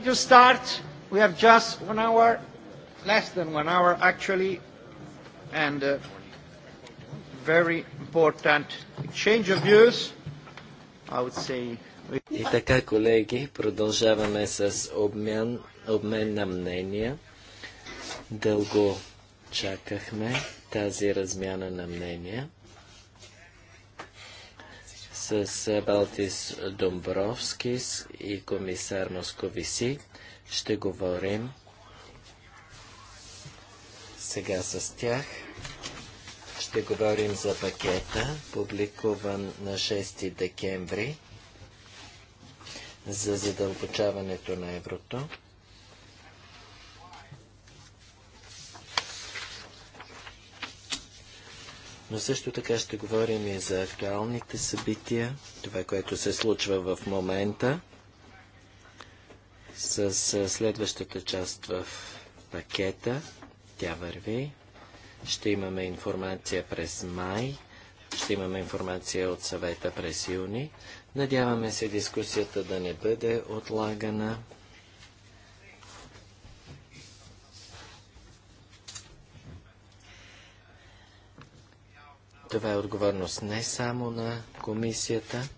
Ready to start, we have just one hour, less than one hour actually, and a very important change of views. I would say. И така, колеги, продължаваме с обмен, обмен на мнения. Дълго чакахме тази размяна на мнения с Балтис Домбровскис и комисар Московиси. Ще говорим сега с тях. Ще говорим за пакета, публикуван на 6 декември за задълбочаването на еврото. Но също така ще говорим и за актуалните събития, това, което се случва в момента с следващата част в пакета. Тя върви. Ще имаме информация през май. Ще имаме информация от съвета през юни. Надяваме се дискусията да не бъде отлагана. Това е отговорност не само на комисията.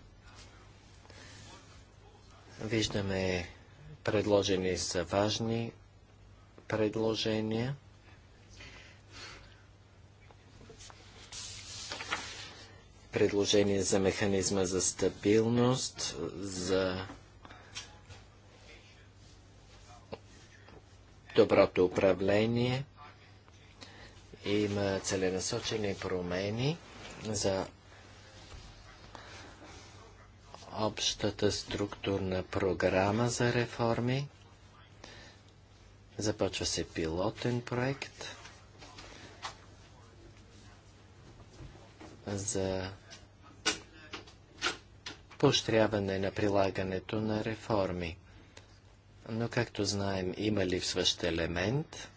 Виждаме, предложени са важни предложения. Предложение за механизма за стабилност, за доброто управление – има целенасочени промени за общата структурна програма за реформи. Започва се пилотен проект за поощряване на прилагането на реформи. Но, както знаем, има ли липсващ елемент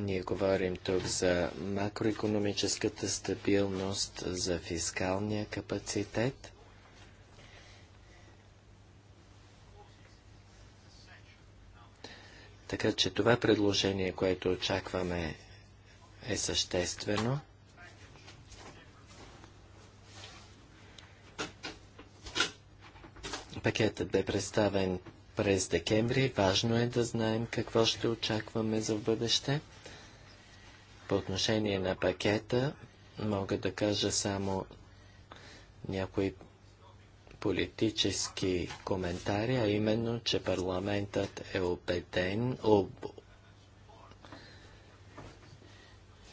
ние говорим тук за макроекономическата стабилност, за фискалния капацитет. Така че това предложение, което очакваме, е съществено. Пакетът бе представен през декември. Важно е да знаем какво ще очакваме за бъдеще. По отношение на пакета мога да кажа само някои политически коментари, а именно, че парламентът е убеден об...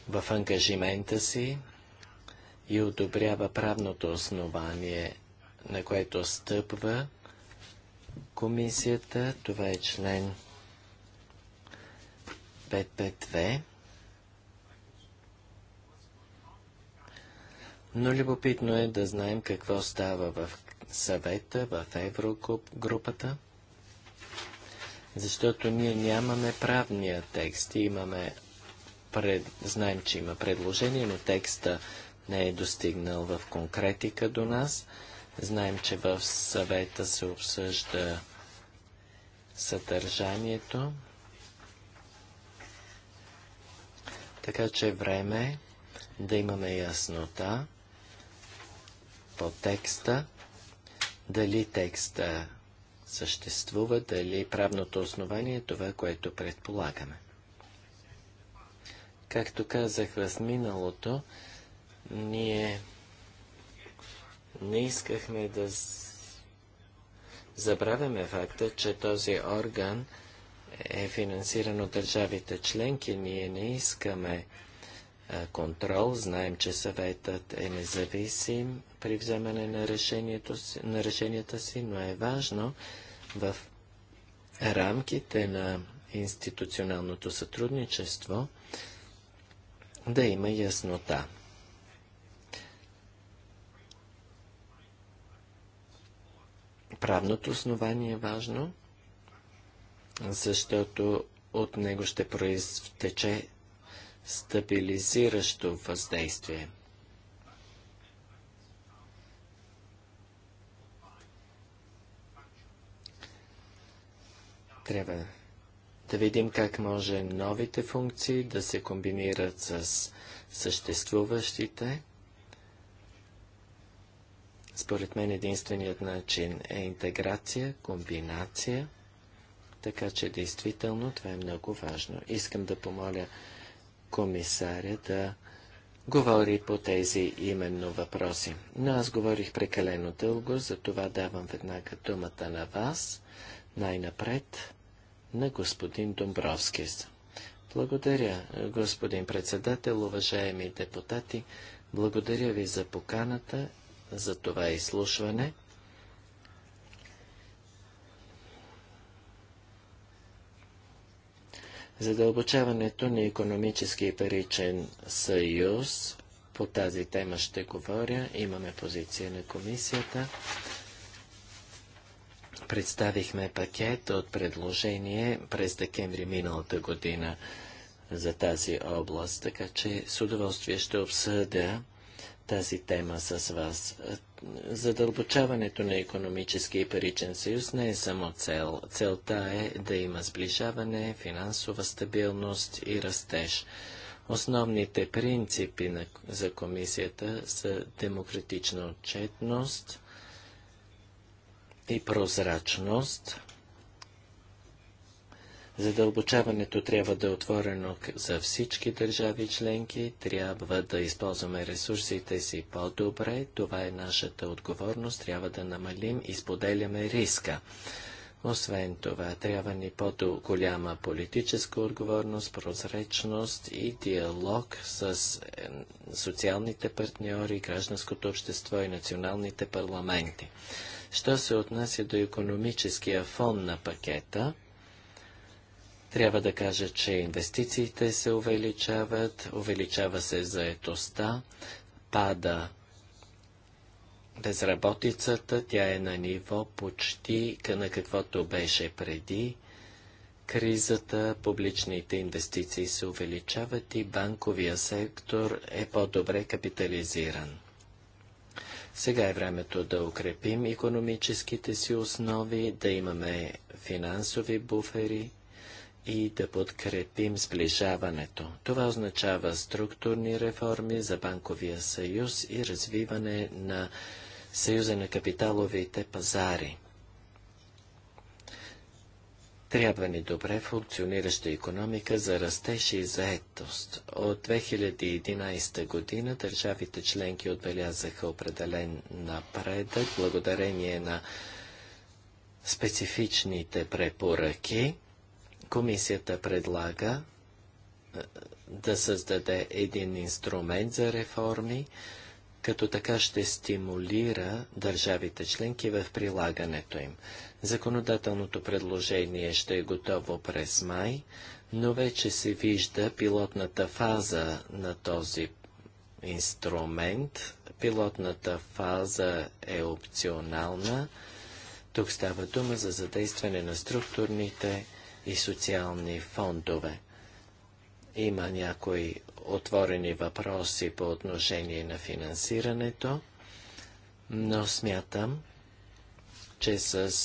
в ангажимента си и одобрява правното основание, на което стъпва комисията. Това е член 552. Но любопитно е да знаем какво става в съвета, в еврогрупата, защото ние нямаме правния текст. Имаме пред... Знаем, че има предложение, но текста не е достигнал в конкретика до нас. Знаем, че в съвета се обсъжда съдържанието. Така че време е да имаме яснота по текста, дали текста съществува, дали правното основание е това, което предполагаме. Както казах в миналото, ние не искахме да забравяме факта, че този орган е финансиран от държавите членки. Ние не искаме е, контрол. Знаем, че съветът е независим при вземане на, решението си, на решенията си, но е важно в рамките на институционалното сътрудничество да има яснота. Правното основание е важно, защото от него ще произтече стабилизиращо въздействие. Трябва да видим как може новите функции да се комбинират с съществуващите. Според мен единственият начин е интеграция, комбинация, така че действително това е много важно. Искам да помоля комисаря да говори по тези именно въпроси. Но аз говорих прекалено дълго, затова давам веднага думата на вас, най-напред на господин Домбровскис. Благодаря, господин председател, уважаеми депутати. Благодаря ви за поканата, за това изслушване. Задълбочаването на економически и паричен съюз. По тази тема ще говоря. Имаме позиция на комисията. Представихме пакет от предложение през декември миналата година за тази област, така че с удоволствие ще обсъдя тази тема с вас. Задълбочаването на економически и паричен съюз не е само цел. Целта е да има сближаване, финансова стабилност и растеж. Основните принципи на, за комисията са демократична отчетност и прозрачност – Задълбочаването трябва да е отворено за всички държави членки, трябва да използваме ресурсите си по-добре, това е нашата отговорност, трябва да намалим и споделяме риска. Освен това, трябва ни по-голяма политическа отговорност, прозречност и диалог с е, социалните партньори, гражданското общество и националните парламенти. Що се отнася до економическия фон на пакета, трябва да кажа, че инвестициите се увеличават, увеличава се заетостта, пада безработицата, тя е на ниво почти на каквото беше преди. Кризата, публичните инвестиции се увеличават и банковия сектор е по-добре капитализиран. Сега е времето да укрепим економическите си основи, да имаме финансови буфери, и да подкрепим сближаването. Това означава структурни реформи за банковия съюз и развиване на съюза на капиталовите пазари. Трябва ни добре функционираща економика за растеж и заетост. От 2011 година държавите членки отбелязаха определен напредък благодарение на специфичните препоръки Комисията предлага е, да създаде един инструмент за реформи, като така ще стимулира държавите членки в прилагането им. Законодателното предложение ще е готово през май, но вече се вижда пилотната фаза на този инструмент. Пилотната фаза е опционална. Тук става дума за задействане на структурните и социални фондове. Има някои отворени въпроси по отношение на финансирането, но смятам, че с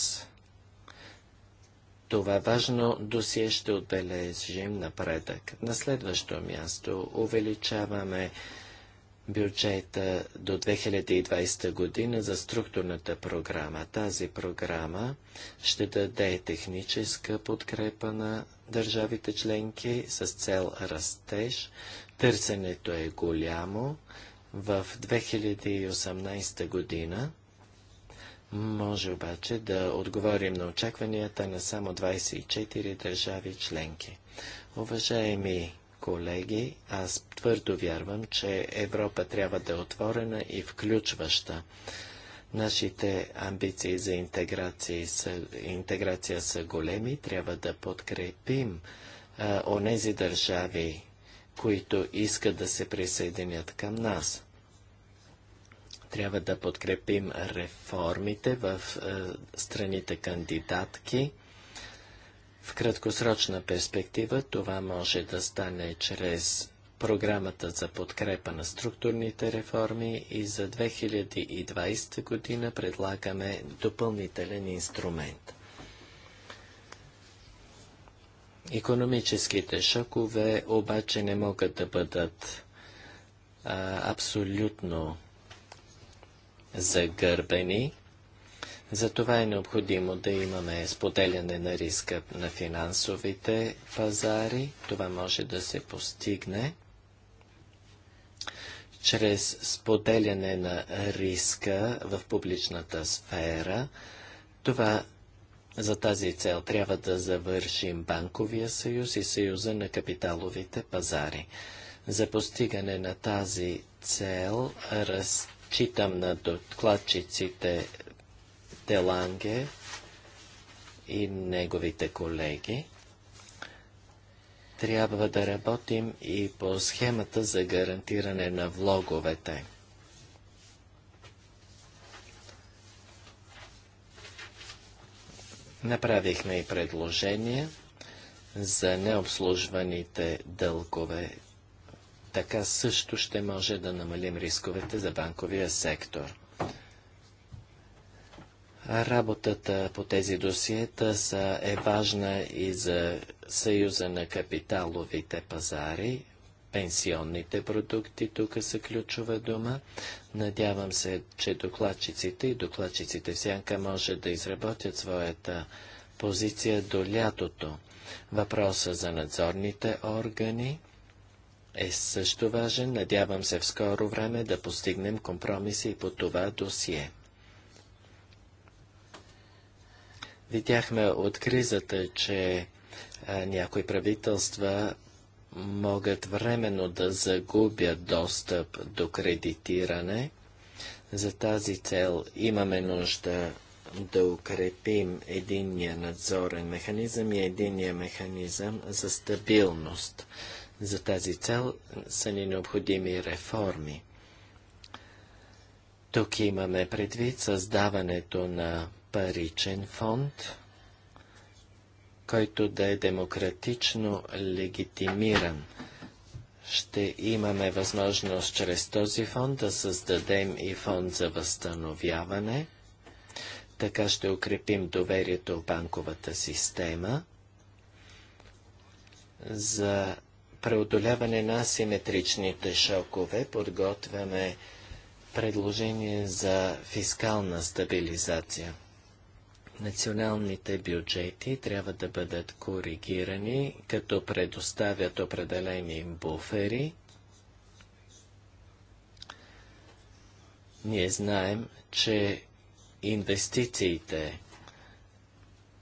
това важно досие ще отбележим напредък. На следващо място увеличаваме бюджета до 2020 година за структурната програма. Тази програма ще даде техническа подкрепа на държавите членки с цел растеж. Търсенето е голямо. В 2018 година може обаче да отговорим на очакванията на само 24 държави членки. Уважаеми колеги, аз твърдо вярвам, че Европа трябва да е отворена и включваща. Нашите амбиции за интеграция са, интеграция са големи. Трябва да подкрепим а, онези държави, които искат да се присъединят към нас. Трябва да подкрепим реформите в а, страните кандидатки в краткосрочна перспектива това може да стане чрез програмата за подкрепа на структурните реформи и за 2020 година предлагаме допълнителен инструмент. Економическите шокове обаче не могат да бъдат а, абсолютно загърбени. Затова е необходимо да имаме споделяне на риска на финансовите пазари. Това може да се постигне чрез споделяне на риска в публичната сфера. Това за тази цел трябва да завършим банковия съюз и съюза на капиталовите пазари. За постигане на тази цел разчитам на докладчиците Деланге и неговите колеги. Трябва да работим и по схемата за гарантиране на влоговете. Направихме и предложение за необслужваните дългове. Така също ще може да намалим рисковете за банковия сектор. Работата по тези досиета са, е важна и за Съюза на капиталовите пазари. Пенсионните продукти тук са ключова дума. Надявам се, че докладчиците и докладчиците в сянка може да изработят своята позиция до лятото. Въпроса за надзорните органи е също важен. Надявам се в скоро време да постигнем компромиси по това досие. Видяхме от кризата, че някои правителства могат временно да загубят достъп до кредитиране. За тази цел имаме нужда да укрепим единния надзорен механизъм и единния механизъм за стабилност. За тази цел са ни необходими реформи. Тук имаме предвид създаването на паричен фонд, който да е демократично легитимиран. Ще имаме възможност чрез този фонд да създадем и фонд за възстановяване. Така ще укрепим доверието в банковата система за преодоляване на асиметричните шокове подготвяме предложение за фискална стабилизация. Националните бюджети трябва да бъдат коригирани, като предоставят определени буфери. Ние знаем, че инвестициите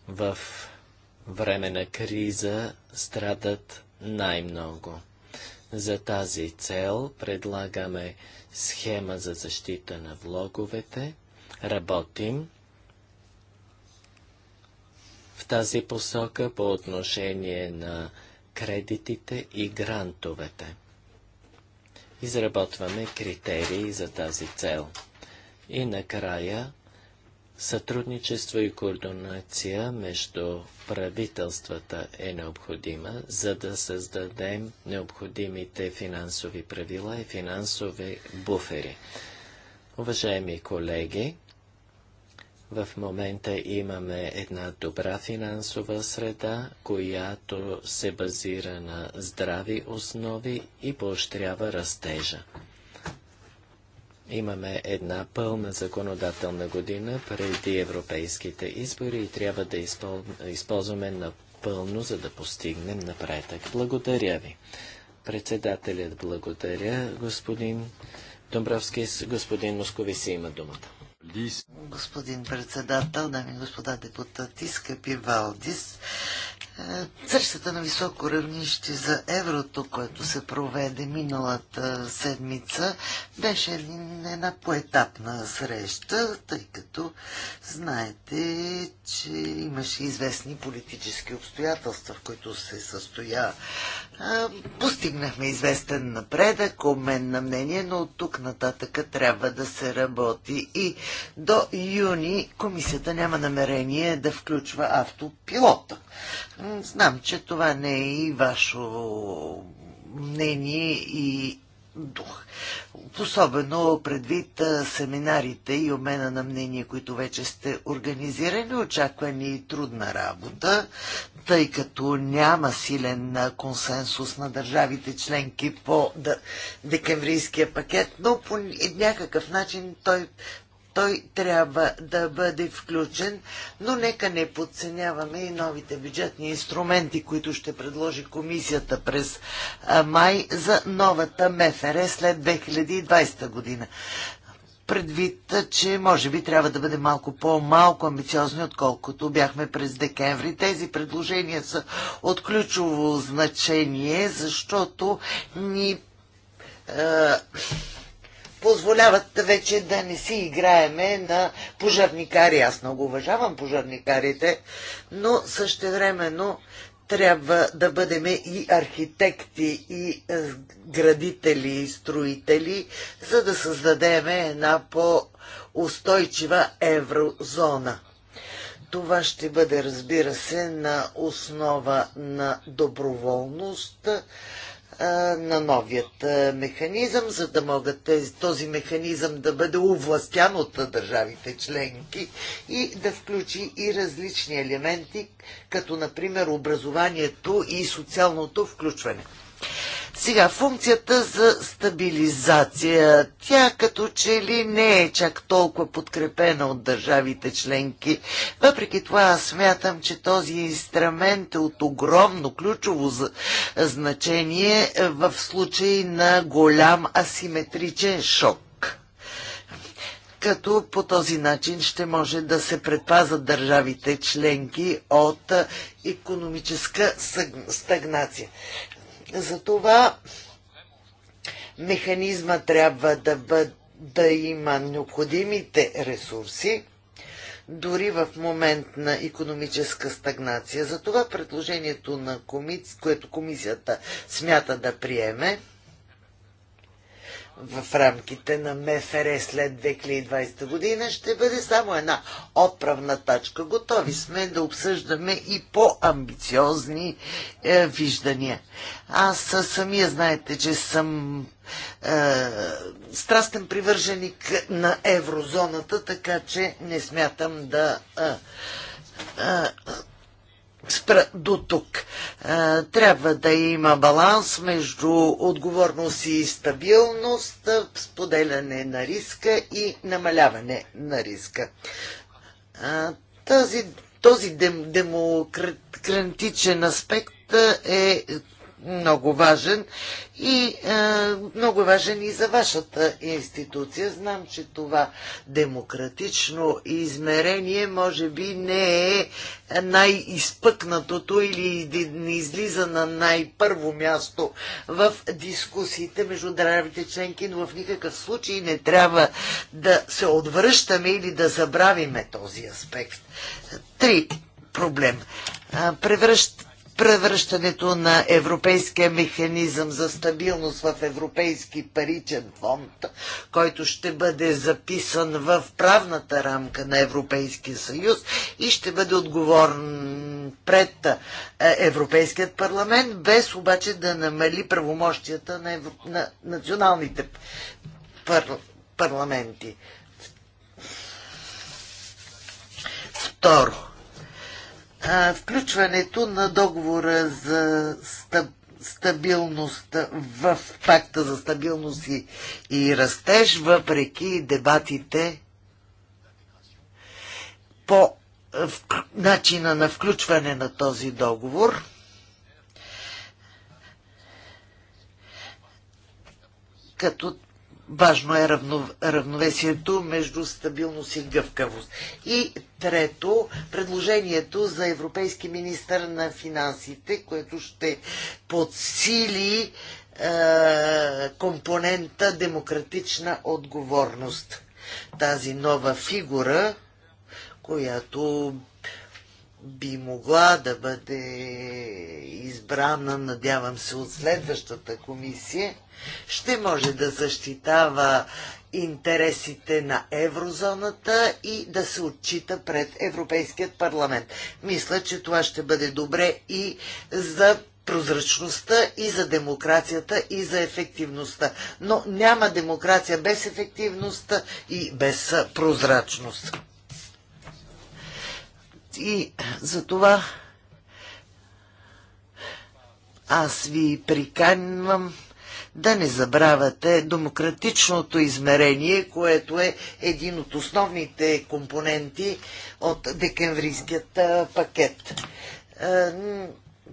в време на криза страдат най-много. За тази цел предлагаме схема за защита на влоговете, работим тази посока по отношение на кредитите и грантовете. Изработваме критерии за тази цел. И накрая сътрудничество и координация между правителствата е необходима, за да създадем необходимите финансови правила и финансови буфери. Уважаеми колеги, в момента имаме една добра финансова среда, която се базира на здрави основи и поощрява растежа. Имаме една пълна законодателна година преди европейските избори и трябва да използваме напълно, за да постигнем напредък. Благодаря ви. Председателят благодаря, господин Домбровски, господин Московиси има думата. Господин председател, дами и господа депутати, скъпи Валдис, е, срещата на високо равнище за еврото, което се проведе миналата седмица, беше една поетапна среща, тъй като знаете, че имаше известни политически обстоятелства, в които се състоя Постигнахме известен напредък, обмен на мнение, но от тук нататък трябва да се работи и до юни комисията няма намерение да включва автопилота. Знам, че това не е и ваше мнение и дух. Особено предвид семинарите и обмена на мнение, които вече сте организирали, очаквани и трудна работа, тъй като няма силен консенсус на държавите членки по декемврийския пакет, но по някакъв начин той, той трябва да бъде включен, но нека не подценяваме и новите бюджетни инструменти, които ще предложи комисията през май за новата МФР след 2020 година предвид, че може би трябва да бъде малко по-малко амбициозни, отколкото бяхме през декември. Тези предложения са от ключово значение, защото ни е, позволяват вече да не си играеме на пожарникари. Аз много уважавам пожарникарите, но същевременно трябва да бъдем и архитекти, и е, градители, и строители, за да създадем една по-устойчива еврозона. Това ще бъде, разбира се, на основа на доброволност, на новият механизъм, за да могат този механизъм да бъде овластян от държавите членки и да включи и различни елементи, като например образованието и социалното включване. Сега, функцията за стабилизация, тя като че ли не е чак толкова подкрепена от държавите членки. Въпреки това, аз смятам, че този инструмент е от огромно ключово значение в случай на голям асиметричен шок като по този начин ще може да се предпазат държавите членки от економическа стагнация. Затова механизма трябва да, бъд, да има необходимите ресурси, дори в момент на економическа стагнация. Затова предложението, на комис... което комисията смята да приеме, в рамките на МФР след 2020 година ще бъде само една отправна точка. Готови сме да обсъждаме и по-амбициозни е, виждания. Аз самия знаете, че съм е, страстен привърженик на еврозоната, така че не смятам да е, е, спра до тук. Трябва да има баланс между отговорност и стабилност, споделяне на риска и намаляване на риска. Този, този демократичен аспект е много важен и е, много важен и за вашата институция. Знам, че това демократично измерение може би не е най-изпъкнатото или не излиза на най-първо място в дискусиите между държавите членки, но в никакъв случай не трябва да се отвръщаме или да забравиме този аспект. Три проблем. Превръщ превръщането на европейския механизъм за стабилност в европейски паричен фонд, който ще бъде записан в правната рамка на Европейския съюз и ще бъде отговорен пред е, Европейският парламент, без обаче да намали правомощията на, евро... на националните пар... парламенти. Второ, включването на договора за стабилност в пакта за стабилност и, и растеж, въпреки дебатите по в, начина на включване на този договор. Като Важно е равно, равновесието между стабилност и гъвкавост. И трето, предложението за европейски министър на финансите, което ще подсили е, компонента демократична отговорност. Тази нова фигура, която би могла да бъде избрана, надявам се, от следващата комисия, ще може да защитава интересите на еврозоната и да се отчита пред Европейският парламент. Мисля, че това ще бъде добре и за прозрачността и за демокрацията и за ефективността. Но няма демокрация без ефективността и без прозрачност. И за това аз ви приканвам да не забравяте демократичното измерение, което е един от основните компоненти от декемврийският пакет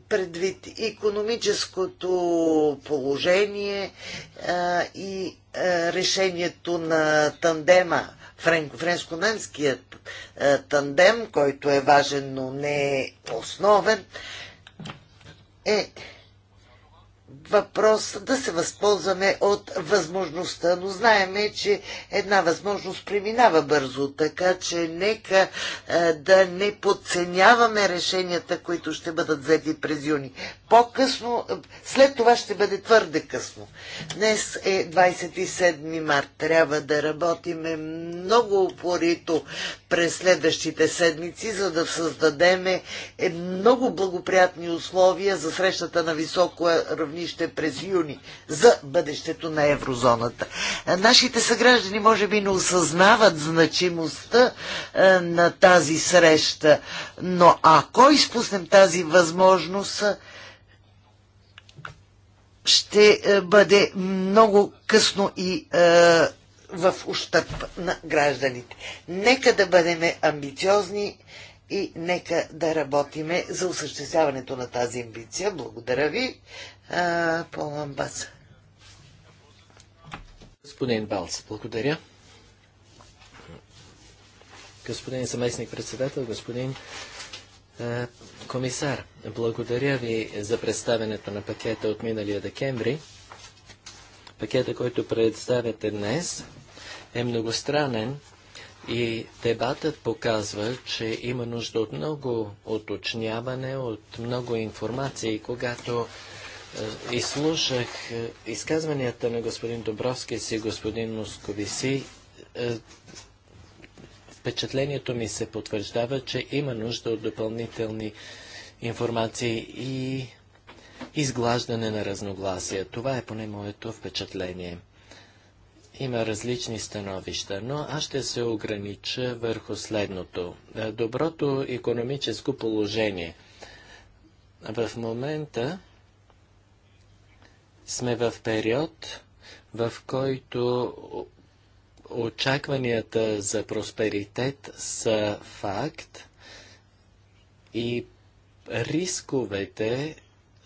предвид економическото положение а, и а, решението на тандема, френско немският тандем, който е важен, но не е основен, е въпрос да се възползваме от възможността, но знаеме, че една възможност преминава бързо, така че нека а, е, да не подценяваме решенията, които ще бъдат взети през юни. По-късно, след това ще бъде твърде късно. Днес е 27 март. Трябва да работиме много упорито през следващите седмици, за да създадем е, много благоприятни условия за срещата на високо равнище бъдеще през юни за бъдещето на еврозоната. Нашите съграждани може би не осъзнават значимостта е, на тази среща, но ако изпуснем тази възможност, ще е, бъде много късно и е, в ущърп на гражданите. Нека да бъдем амбициозни и нека да работиме за осъществяването на тази амбиция. Благодаря ви. Пол Амбаса. Господин Балц, благодаря. Господин заместник председател, господин комисар, благодаря ви за представенето на пакета от миналия декември. Пакета, който представяте днес, е многостранен и дебатът показва, че има нужда от много уточняване, от много информация и когато е, слушах е, изказванията на господин Добровски и господин Московиси. Е, впечатлението ми се потвърждава, че има нужда от допълнителни информации и изглаждане на разногласия. Това е поне моето впечатление. Има различни становища, но аз ще се огранича върху следното. Доброто економическо положение. В момента сме в период, в който очакванията за просперитет са факт и рисковете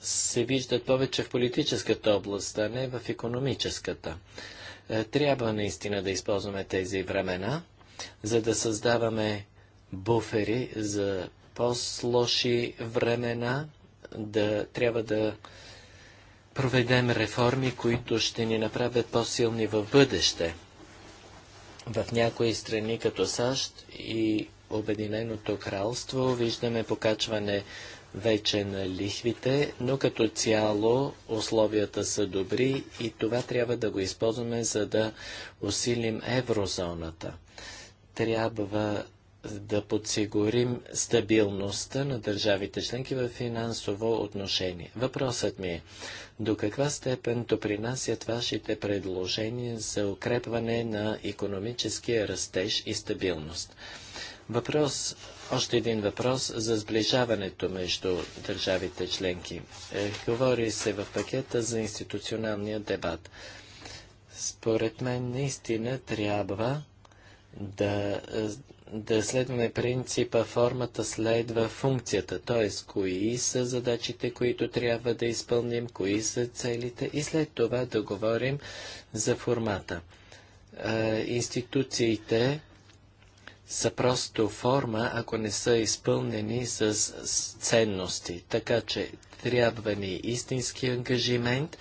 се виждат повече в политическата област, а не в економическата. Е, трябва наистина да използваме тези времена, за да създаваме буфери за по-лоши времена, да трябва да проведем реформи, които ще ни направят по-силни в бъдеще. В някои страни, като САЩ и Обединеното кралство, виждаме покачване вече на лихвите, но като цяло условията са добри и това трябва да го използваме, за да усилим еврозоната. Трябва да подсигурим стабилността на държавите членки във финансово отношение. Въпросът ми е, до каква степен допринасят вашите предложения за укрепване на економическия растеж и стабилност? Въпрос, още един въпрос за сближаването между държавите членки. Е, говори се в пакета за институционалния дебат. Според мен наистина трябва да е, да следваме принципа формата следва функцията, т.е. кои са задачите, които трябва да изпълним, кои са целите и след това да говорим за формата. Е, институциите са просто форма, ако не са изпълнени с, ценности. Така че трябва ни истински ангажимент,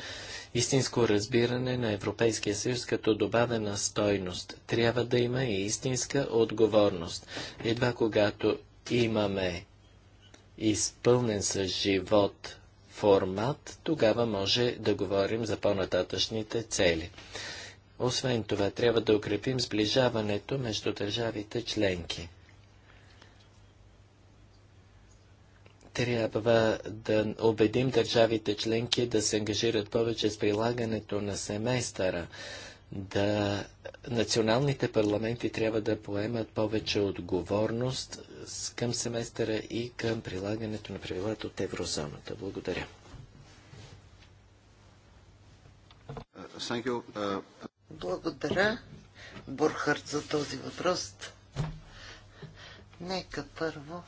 истинско разбиране на Европейския съюз като добавена стойност. Трябва да има и истинска отговорност. Едва когато имаме изпълнен с живот формат, тогава може да говорим за по-нататъчните цели. Освен това, трябва да укрепим сближаването между държавите членки. трябва да убедим държавите членки да се ангажират повече с прилагането на семестъра, да националните парламенти трябва да поемат повече отговорност към семестъра и към прилагането на правилата от еврозоната. Благодаря. Благодаря, Бурхард, за този въпрос. Нека първо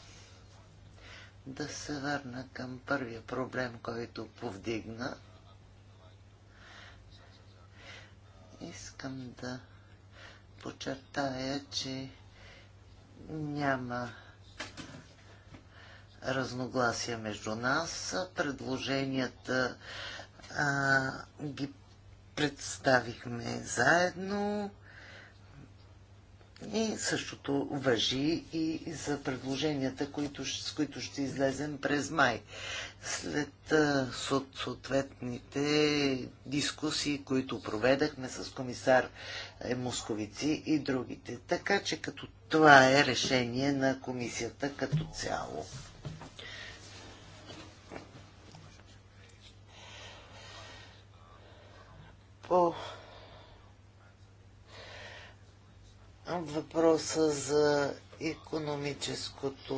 да се върна към първия проблем, който повдигна. Искам да подчертая, че няма разногласия между нас. Предложенията а, ги представихме заедно. И същото въжи и за предложенията, които, с които ще излезем през май. След съответните дискусии, които проведахме с комисар е, Московици и другите. Така че като това е решение на комисията като цяло. По въпроса за економическото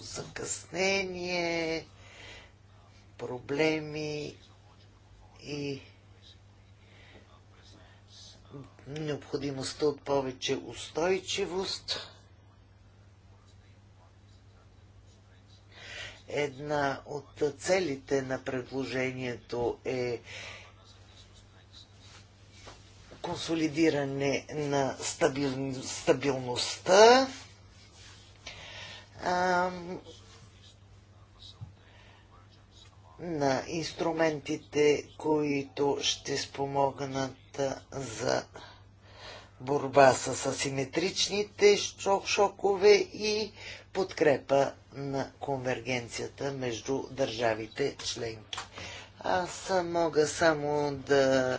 закъснение, проблеми и необходимостта от повече устойчивост. Една от целите на предложението е консолидиране на стабил, стабилността. А, на инструментите, които ще спомогнат за борба с асиметричните шок шокове и подкрепа на конвергенцията между държавите членки. Аз мога само да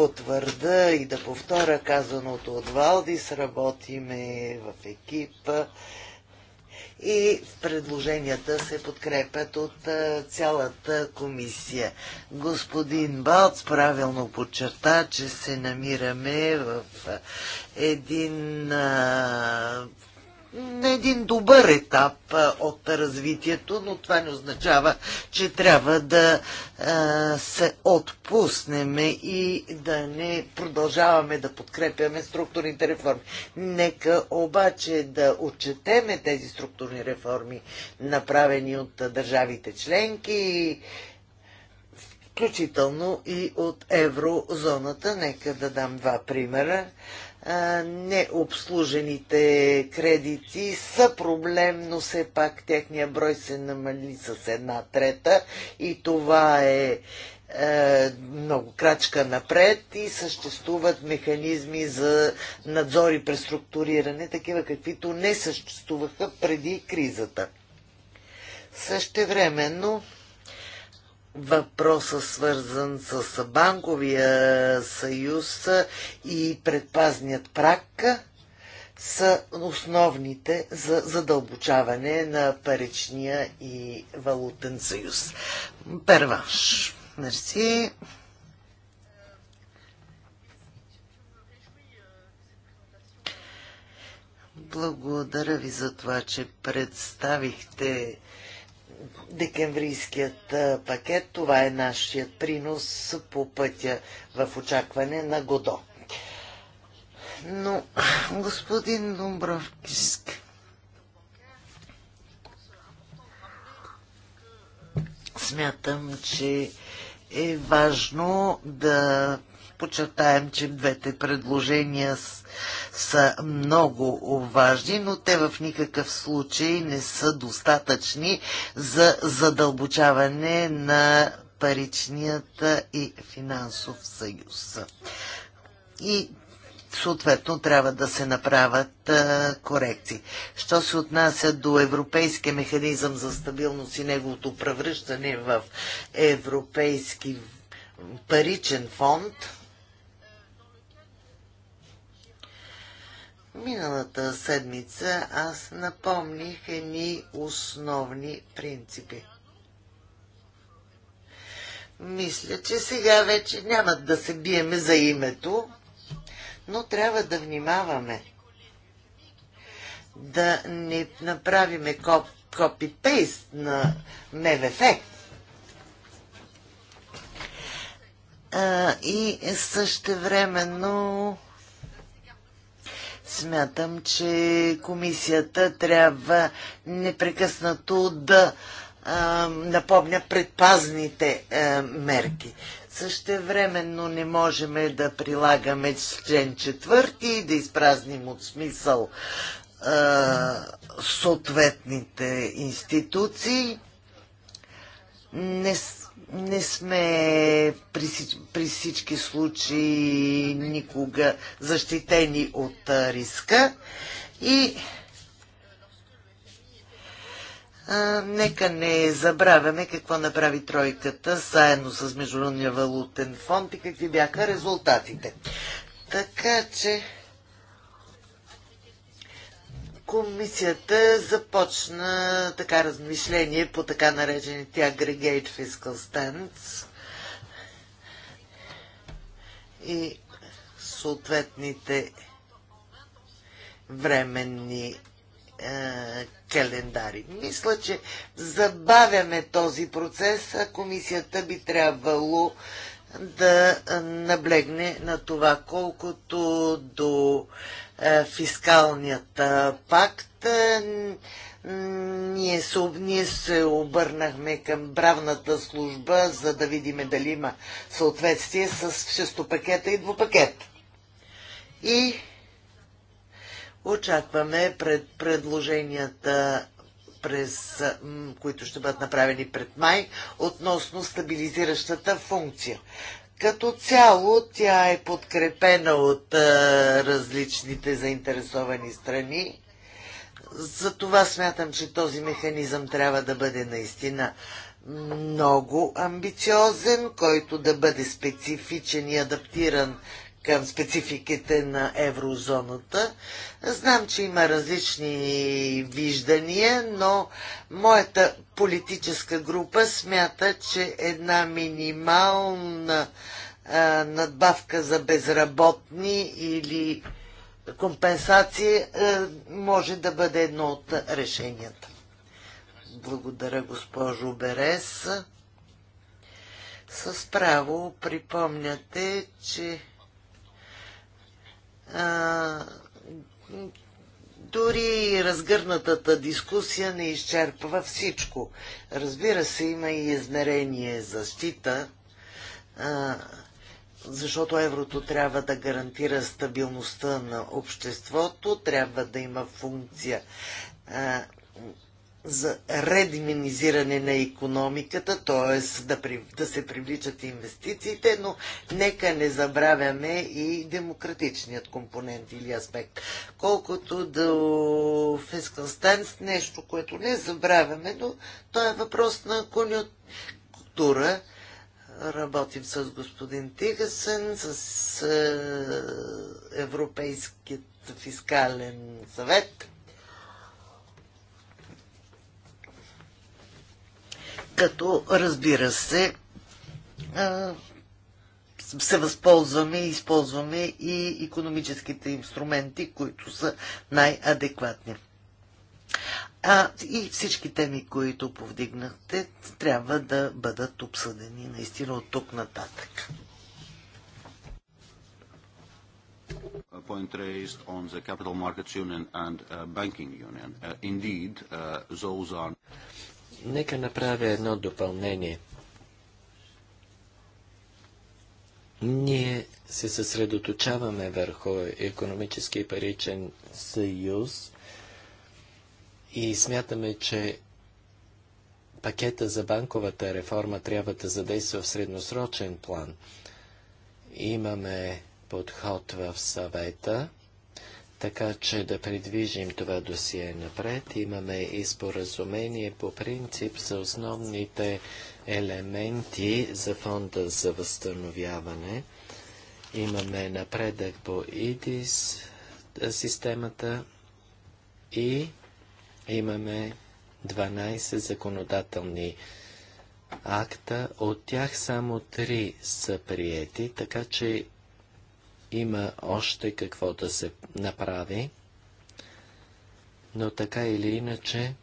потвърда и да повторя казаното от Валдис. Работиме в екипа и предложенията се подкрепят от цялата комисия. Господин Балц правилно подчерта, че се намираме в един на един добър етап от развитието, но това не означава, че трябва да а, се отпуснем и да не продължаваме да подкрепяме структурните реформи. Нека обаче да отчетеме тези структурни реформи, направени от държавите членки, включително и от еврозоната. Нека да дам два примера необслужените кредити са проблем, но все пак техния брой се намали с една трета и това е, е, много крачка напред и съществуват механизми за надзор и преструктуриране, такива каквито не съществуваха преди кризата. Същевременно, времено въпроса свързан с банковия съюз и предпазният прак са основните за задълбочаване на паричния и валутен съюз. Перваш. Мерси. Благодаря ви за това, че представихте декемврийският пакет. Това е нашият принос по пътя в очакване на Годо. Но, господин Домбровкиск, смятам, че е важно да подчертаем, че двете предложения са много важни, но те в никакъв случай не са достатъчни за задълбочаване на паричният и финансов съюз. И съответно трябва да се направят а, корекции. Що се отнася до Европейския механизъм за стабилност и неговото превръщане в Европейски паричен фонд, Миналата седмица аз напомних едни основни принципи. Мисля, че сега вече няма да се биеме за името, но трябва да внимаваме. Да не направиме копи-пейст на МВФ. и също времено Смятам, че комисията трябва непрекъснато да а, напомня предпазните а, мерки. Същевременно не можем да прилагаме член четвърти и да изпразним от смисъл а, съответните институции. Не, не сме при, при всички случаи никога защитени от риска и а, нека не забравяме какво направи тройката заедно с Международния валутен фонд и какви бяха резултатите. Така че комисията започна така размишление по така наречените Aggregate Fiscal Stands и съответните временни е, календари. Мисля, че забавяме този процес, а комисията би трябвало да наблегне на това, колкото до е, фискалният е, пакт. Е, ние се, ние се обърнахме към правната служба, за да видим дали има съответствие с шестопакета и двупакет. И очакваме пред предложенията през, които ще бъдат направени пред май, относно стабилизиращата функция. Като цяло тя е подкрепена от а, различните заинтересовани страни. Затова смятам, че този механизъм трябва да бъде наистина много амбициозен, който да бъде специфичен и адаптиран към спецификите на еврозоната. Знам, че има различни виждания, но моята политическа група смята, че една минимална а, надбавка за безработни или компенсация а, може да бъде едно от решенията. Благодаря, госпожо Берес. С право припомняте, че дори разгърнатата дискусия не изчерпва всичко. Разбира се, има и измерение защита, защото еврото трябва да гарантира стабилността на обществото, трябва да има функция за редминизиране на економиката, т.е. Да, при, да се привличат инвестициите, но нека не забравяме и демократичният компонент или аспект. Колкото до фискалстанс, нещо, което не забравяме, но то е въпрос на конюнктура. Работим с господин Тигасен, с е, Европейският фискален съвет – като разбира се се възползваме и използваме и економическите инструменти, които са най-адекватни. А и всички теми, които повдигнахте, трябва да бъдат обсъдени наистина от тук нататък. point raised on the Capital Markets Union and uh, Banking Union. Uh, indeed, uh, those are... Нека направя едно допълнение. Ние се съсредоточаваме върху економически паричен съюз и смятаме, че пакета за банковата реформа трябва да задейства в средносрочен план. Имаме подход в съвета така че да придвижим това досие напред. Имаме и споразумение по принцип за основните елементи за фонда за възстановяване. Имаме напредък по ИДИС е, системата и имаме 12 законодателни акта. От тях само 3 са приети, така че има още какво да се направи, но така или иначе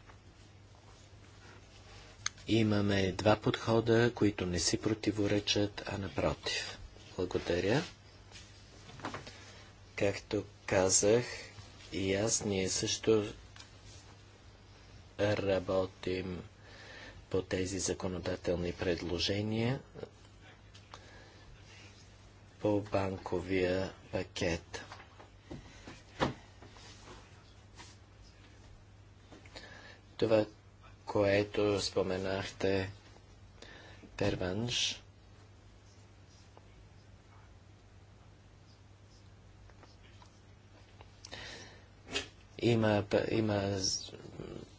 имаме два подхода, които не си противоречат, а напротив. Благодаря. Както казах, и аз ние също работим по тези законодателни предложения по банковия пакет. Това, което споменахте, перванш, има, има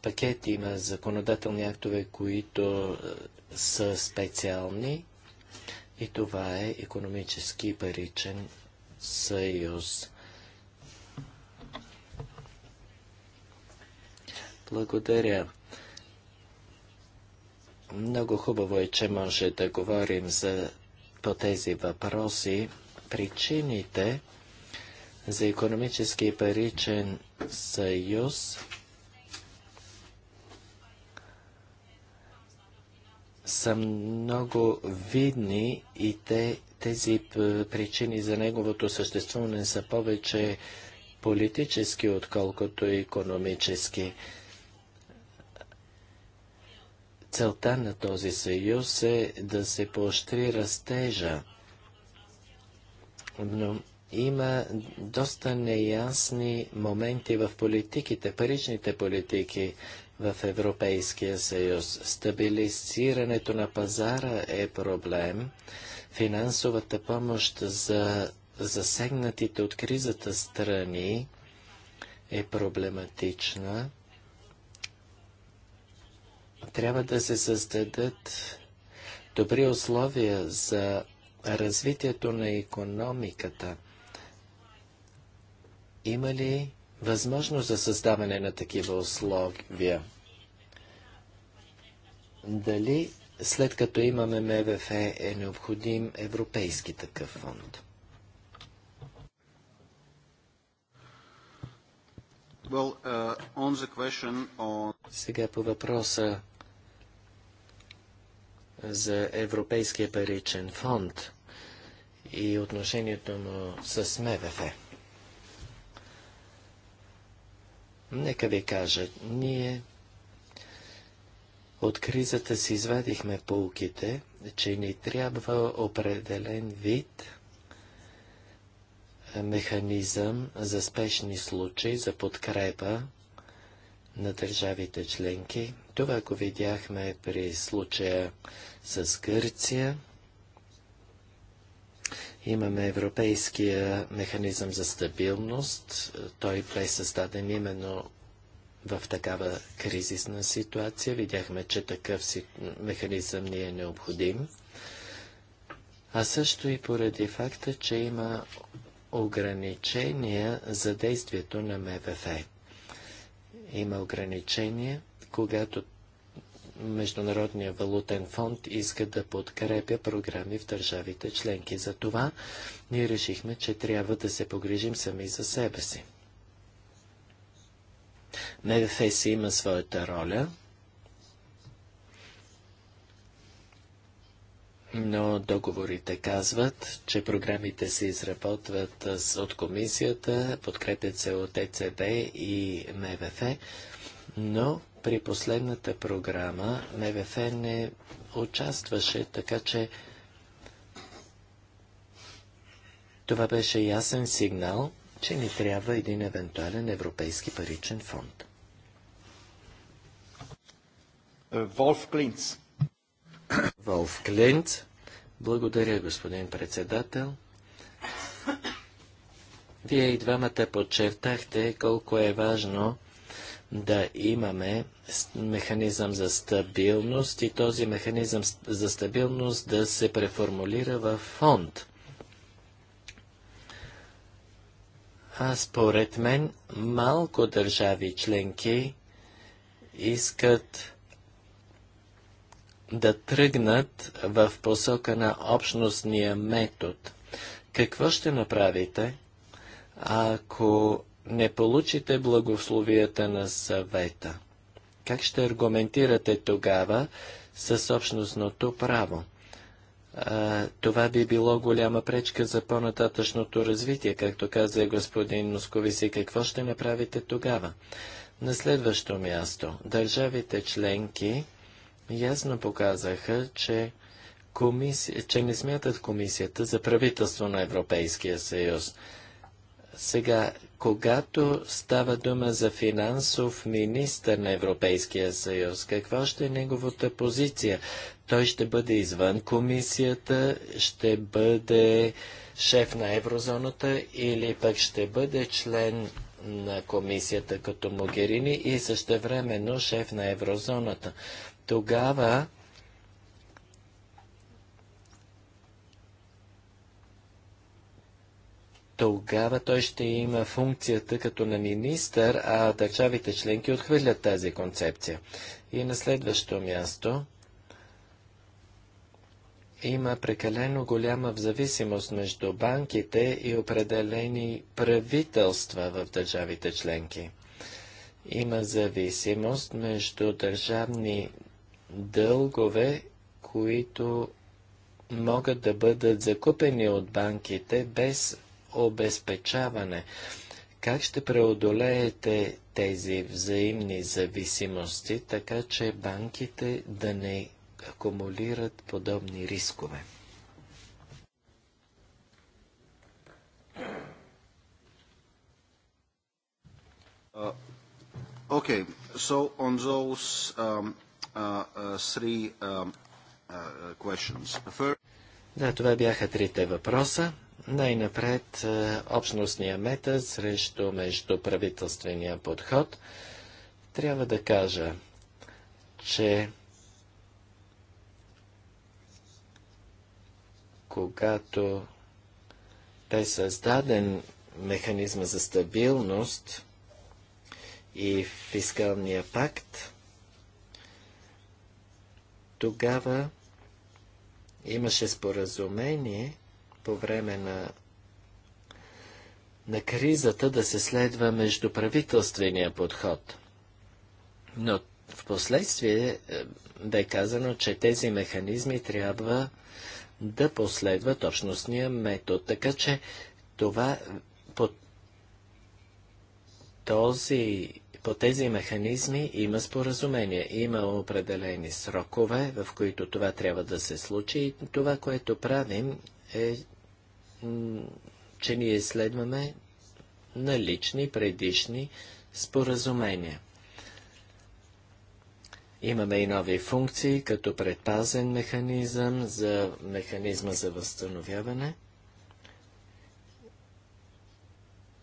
пакети има законодателни актове, които е, са специални и това е економически паричен съюз. Благодаря. Много хубаво е, че може да говорим за, по тези въпроси. Причините за економически паричен съюз са много видни и те, тези причини за неговото съществуване са повече политически, отколкото и економически. Целта на този съюз е да се поощри растежа. Но има доста неясни моменти в политиките, паричните политики в Европейския съюз. Стабилизирането на пазара е проблем. Финансовата помощ за засегнатите от кризата страни е проблематична. Трябва да се създадат добри условия за развитието на економиката. Има ли възможност за създаване на такива условия. Дали след като имаме МВФ е необходим европейски такъв фонд? Well, uh, on the question on... Сега по въпроса за Европейския паричен фонд и отношението му с МВФ. Нека ви кажа, ние от кризата си извадихме полките, че ни трябва определен вид е, механизъм за спешни случаи, за подкрепа на държавите членки. Това го видяхме при случая с Гърция. Имаме Европейския механизъм за стабилност. Той бе създаден именно в такава кризисна ситуация. Видяхме, че такъв си... механизъм ни е необходим. А също и поради факта, че има ограничения за действието на МВФ. Има ограничения, когато Международния валутен фонд иска да подкрепя програми в държавите членки. За това ние решихме, че трябва да се погрижим сами за себе си. МВФ си има своята роля, но договорите казват, че програмите се изработват от комисията, подкрепят се от ЕЦБ и МВФ, но при последната програма МВФ не участваше, така че това беше ясен сигнал, че ни трябва един евентуален европейски паричен фонд. Е, Волф Клинц. Волф Клинц. Благодаря, господин председател. Вие и двамата подчертахте колко е важно да имаме механизъм за стабилност и този механизъм за стабилност да се преформулира в фонд. А според мен малко държави членки искат да тръгнат в посока на общностния метод. Какво ще направите, ако не получите благословията на съвета? Как ще аргументирате тогава с общностното право? А, това би било голяма пречка за по-нататъчното развитие, както каза господин Носковиси. Какво ще направите тогава? На следващо място, държавите членки ясно показаха, че, комиси... че не смятат комисията за правителство на Европейския съюз. Сега, когато става дума за финансов министр на Европейския съюз, каква ще е неговата позиция? Той ще бъде извън комисията, ще бъде шеф на еврозоната или пък ще бъде член на комисията като Могерини и същевременно шеф на еврозоната. Тогава тогава той ще има функцията като на министър, а държавите членки отхвърлят тази концепция. И на следващо място има прекалено голяма зависимост между банките и определени правителства в държавите членки. Има зависимост между държавни дългове, които могат да бъдат закупени от банките без обезпечаване. Как ще преодолеете тези взаимни зависимости, така че банките да не акумулират подобни рискове? Uh, okay, so on those um, uh, uh, three um, uh, uh questions. First... Да, това бяха трите въпроса. Най-напред е, общностния мета срещу междуправителствения подход. Трябва да кажа, че когато бе създаден механизма за стабилност и фискалния пакт, тогава имаше споразумение по време на, на кризата да се следва междуправителствения подход. Но в последствие е, бе казано, че тези механизми трябва да последва точностния метод. Така че това по, този, по тези механизми има споразумение. Има определени срокове, в които това трябва да се случи. И това, което правим, е, че ние изследваме налични предишни споразумения. Имаме и нови функции, като предпазен механизъм за механизма за възстановяване.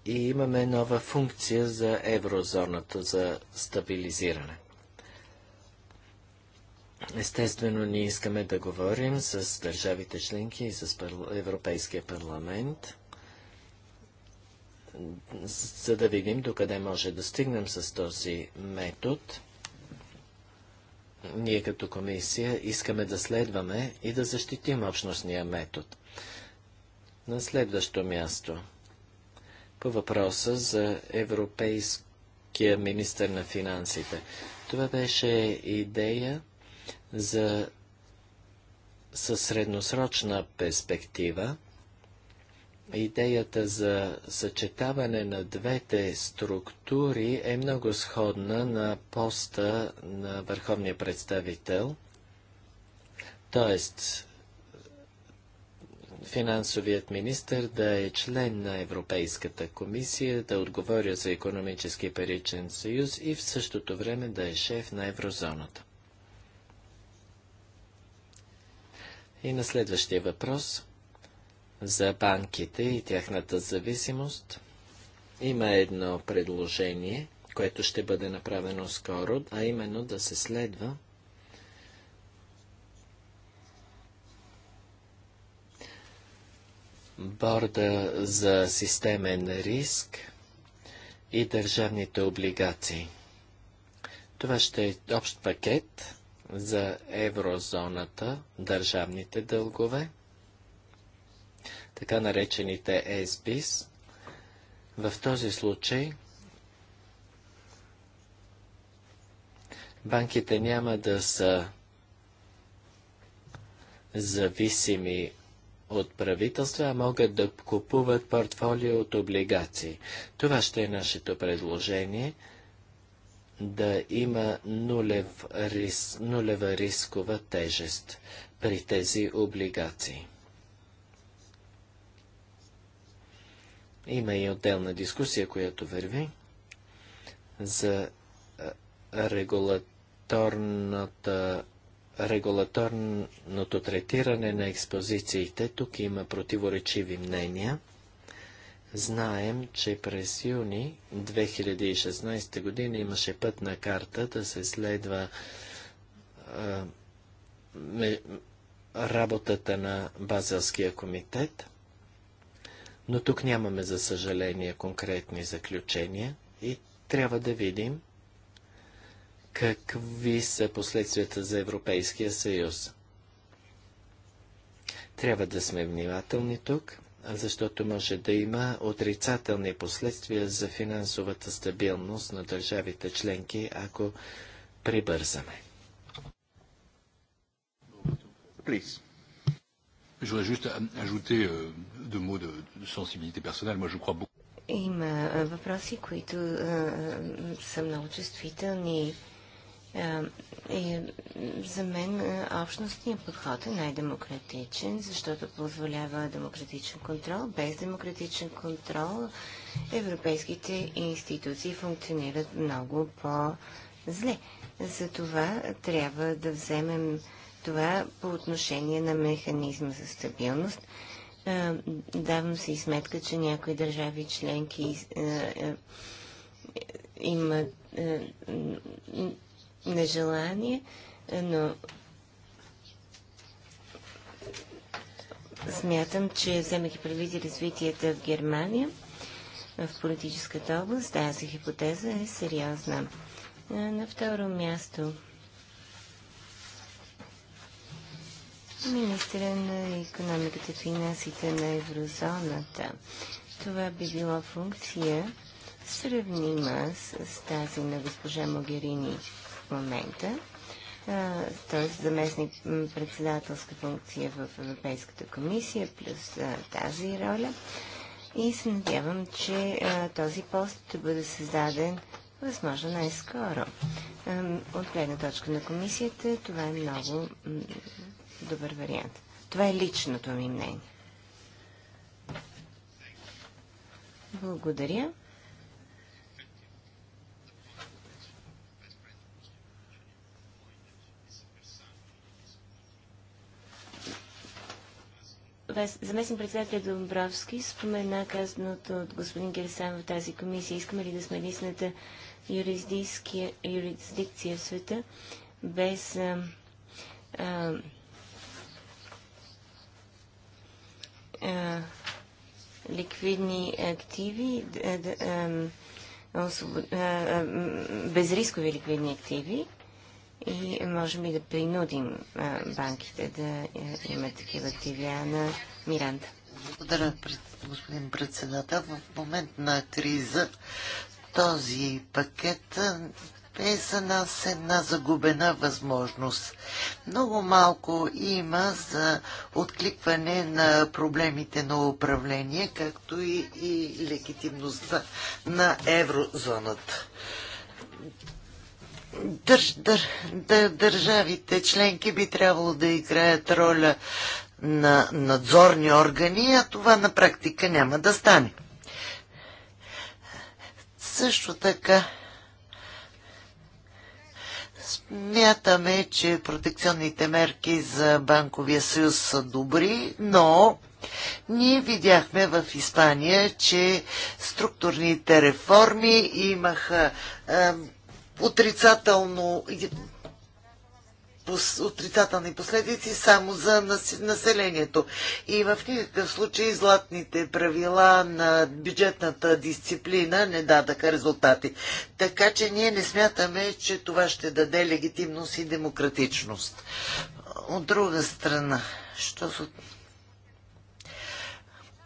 И имаме нова функция за еврозоната за стабилизиране. Естествено, ние искаме да говорим с държавите членки и с Европейския парламент, за да видим докъде може да стигнем с този метод. Ние като комисия искаме да следваме и да защитим общностния метод. На следващо място. По въпроса за европейския министр на финансите. Това беше идея, за със средносрочна перспектива. Идеята за съчетаване на двете структури е много сходна на поста на върховния представител, т.е. финансовият министр да е член на Европейската комисия, да отговоря за економически паричен съюз и в същото време да е шеф на еврозоната. И на следващия въпрос за банките и тяхната зависимост. Има едно предложение, което ще бъде направено скоро, а именно да се следва борда за системен риск и държавните облигации. Това ще е общ пакет, за еврозоната, държавните дългове, така наречените ЕСБИС. В този случай банките няма да са зависими от правителства, а могат да купуват портфолио от облигации. Това ще е нашето предложение – да има нулев рис, нулева рискова тежест при тези облигации. Има и отделна дискусия, която върви за регулаторната регулаторното третиране на експозициите. Тук има противоречиви мнения – Знаем, че през юни 2016 година имаше пътна карта да се следва а, ме, работата на Базелския комитет, но тук нямаме, за съжаление, конкретни заключения и трябва да видим какви са последствията за Европейския съюз. Трябва да сме внимателни тук защото може да има отрицателни последствия за финансовата стабилност на държавите членки, ако прибързаме. Euh, има въпроси, които а, са много чувствителни е, и за мен е, общностният подход е най-демократичен, защото позволява демократичен контрол. Без демократичен контрол европейските институции функционират много по-зле. Затова трябва да вземем това по отношение на механизма за стабилност. Е, давам си сметка, че някои държави членки имат нежелание, но смятам, че вземайки предвид развитията в Германия, в политическата област, тази хипотеза е сериозна. На второ място министра на економиката и финансите на еврозоната. Това би било функция сравнима с тази на госпожа Могерини. Момента, т.е. заместник председателска функция в Европейската комисия, плюс тази роля. И се надявам, че този пост ще бъде създаден възможно най-скоро. От гледна точка на комисията, това е много добър вариант. Това е личното ми мнение. Благодаря. заместник председателя Домбровски спомена казаното от господин Герсан в тази комисия. Искаме ли да сме единствената юрисдикция в света без а, а, а, ликвидни активи, а, а, а, а, безрискови ликвидни активи и можем и да принудим банките да е, имат такива активи. на Миранда. Благодаря, господин председател. В момент на криза този пакет е за нас една загубена възможност. Много малко има за откликване на проблемите на управление, както и, и легитимността на еврозоната държ, дър, дър, държавите членки би трябвало да играят роля на надзорни органи, а това на практика няма да стане. Също така смятаме, че протекционните мерки за банковия съюз са добри, но ние видяхме в Испания, че структурните реформи имаха отрицателно отрицателни последици само за населението. И в никакъв случай златните правила на бюджетната дисциплина не дадаха резултати. Така че ние не смятаме, че това ще даде легитимност и демократичност. От друга страна, що с...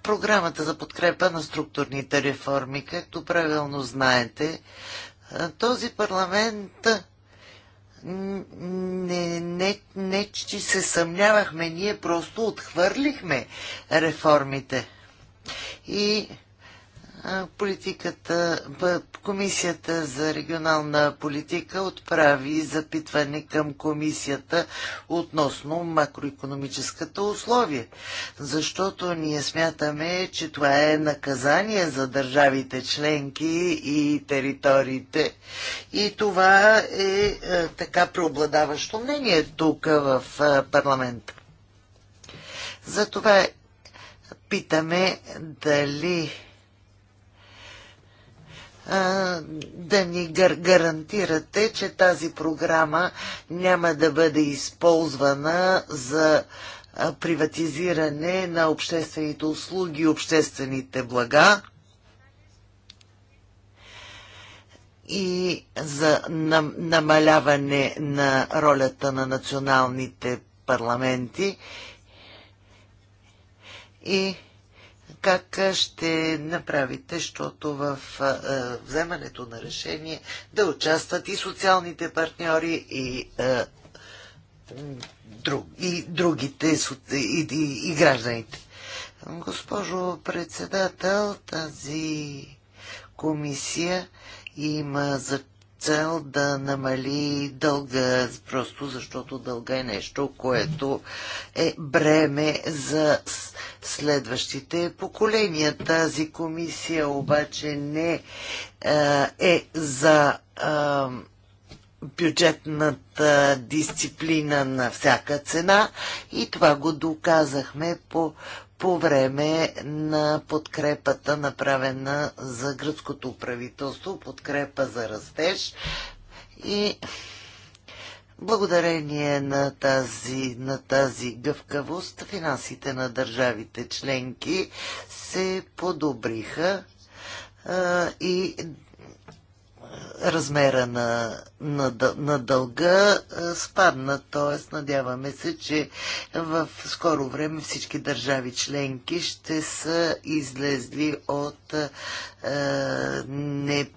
Програмата за подкрепа на структурните реформи, както правилно знаете, този парламент не, не, не, че се съмнявахме, ние просто отхвърлихме реформите. И политиката, Комисията за регионална политика отправи запитване към Комисията относно макроекономическата условие, защото ние смятаме, че това е наказание за държавите членки и териториите. И това е, е така преобладаващо мнение тук в е, парламента. Затова питаме дали да ни гарантирате, че тази програма няма да бъде използвана за приватизиране на обществените услуги и обществените блага и за намаляване на ролята на националните парламенти и как ще направите, защото в вземането на решение да участват и социалните партньори, и, и другите, и, и, и гражданите. Госпожо председател, тази комисия има за цел да намали дълга, просто защото дълга е нещо, което е бреме за следващите поколения. Тази комисия обаче не е за бюджетната дисциплина на всяка цена и това го доказахме по по време на подкрепата, направена за гръцкото правителство, подкрепа за растеж и благодарение на тази, на тази гъвкавост финансите на държавите членки се подобриха а, и размера на, на, на дълга спадна. Т.е. надяваме се, че в скоро време всички държави членки ще са излезли от е,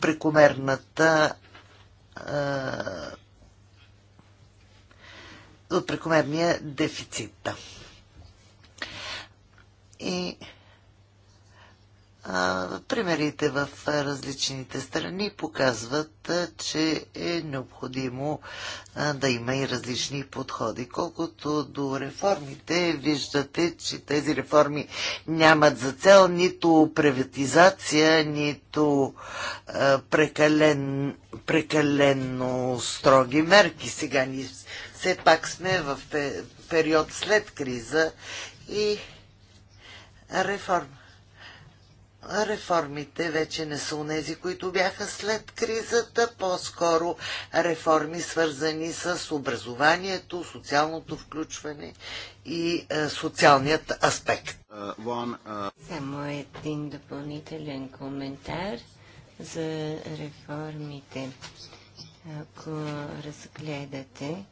прекомерната е, от прекомерния дефицит. И Примерите в различните страни показват, че е необходимо да има и различни подходи. Колкото до реформите, виждате, че тези реформи нямат за цел нито приватизация, нито прекален, прекалено строги мерки. Сега ни все пак сме в период след криза и реформа реформите вече не са унези, които бяха след кризата, по-скоро реформи свързани с образованието, социалното включване и е, социалният аспект. Uh, one, uh... Само един допълнителен коментар за реформите. Ако разгледате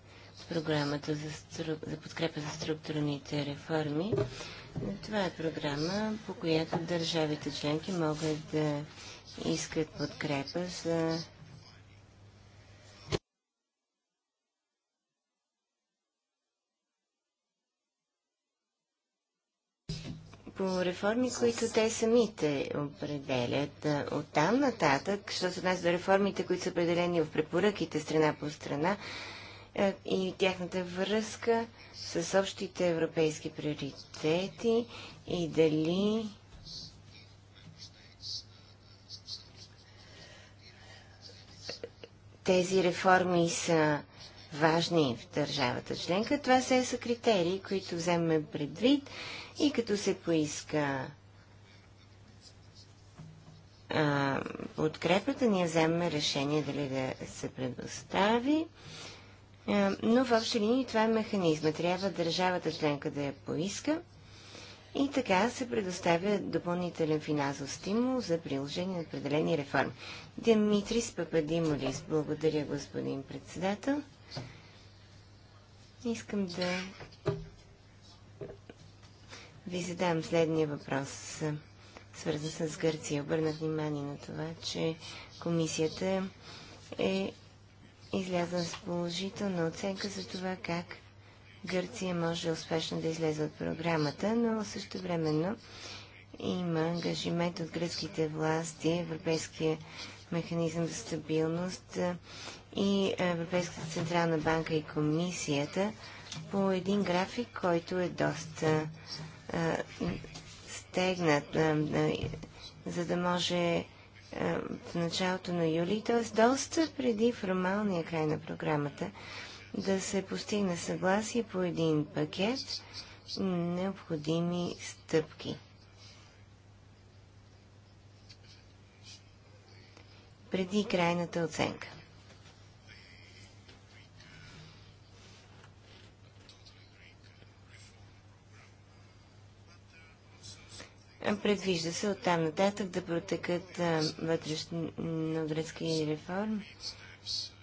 програмата за, стру... за подкрепа за структурните реформи, това е програма, по която държавите членки могат да искат подкрепа за по реформи, които те самите определят. Е, От там нататък, що се отнася до реформите, които са определени в препоръките страна по страна, е, и тяхната връзка с общите европейски приоритети и дали тези реформи са важни в държавата членка. Това се са критерии, които вземем предвид и като се поиска а, подкрепата, ние вземем решение дали да се предостави е, но в общи линии това е механизма. Трябва държавата членка да я поиска и така се предоставя допълнителен финансов стимул за приложение на определени реформи. Димитрис Пападимолис, благодаря господин председател. Искам да ви задам следния въпрос, свързан с Гърция. Обърна внимание на това, че комисията е излязла с положителна оценка за това как Гърция може успешно да излезе от програмата, но също времено има ангажимент от гръцките власти, Европейския механизъм за стабилност и Европейската централна банка и комисията по един график, който е доста а, стегнат, а, за да може е, в началото на юли, т.е. доста преди формалния край на програмата, да се постигне съгласие по един пакет необходими стъпки. преди крайната оценка. Предвижда се от там нататък да протекат вътрешно-градски реформи,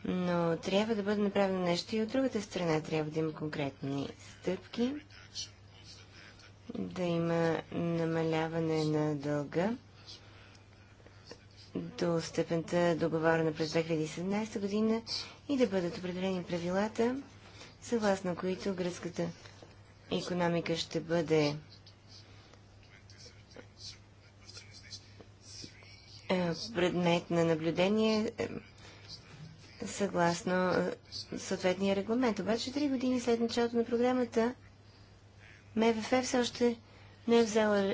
но трябва да бъде направено нещо и от другата страна. Трябва да има конкретни стъпки, да има намаляване на дълга до степента договорена през 2017 година и да бъдат определени правилата, съгласно които гръцката економика ще бъде Е, предмет на наблюдение е, съгласно е, съответния регламент. Обаче три години след началото на програмата МВФ все още не е взел,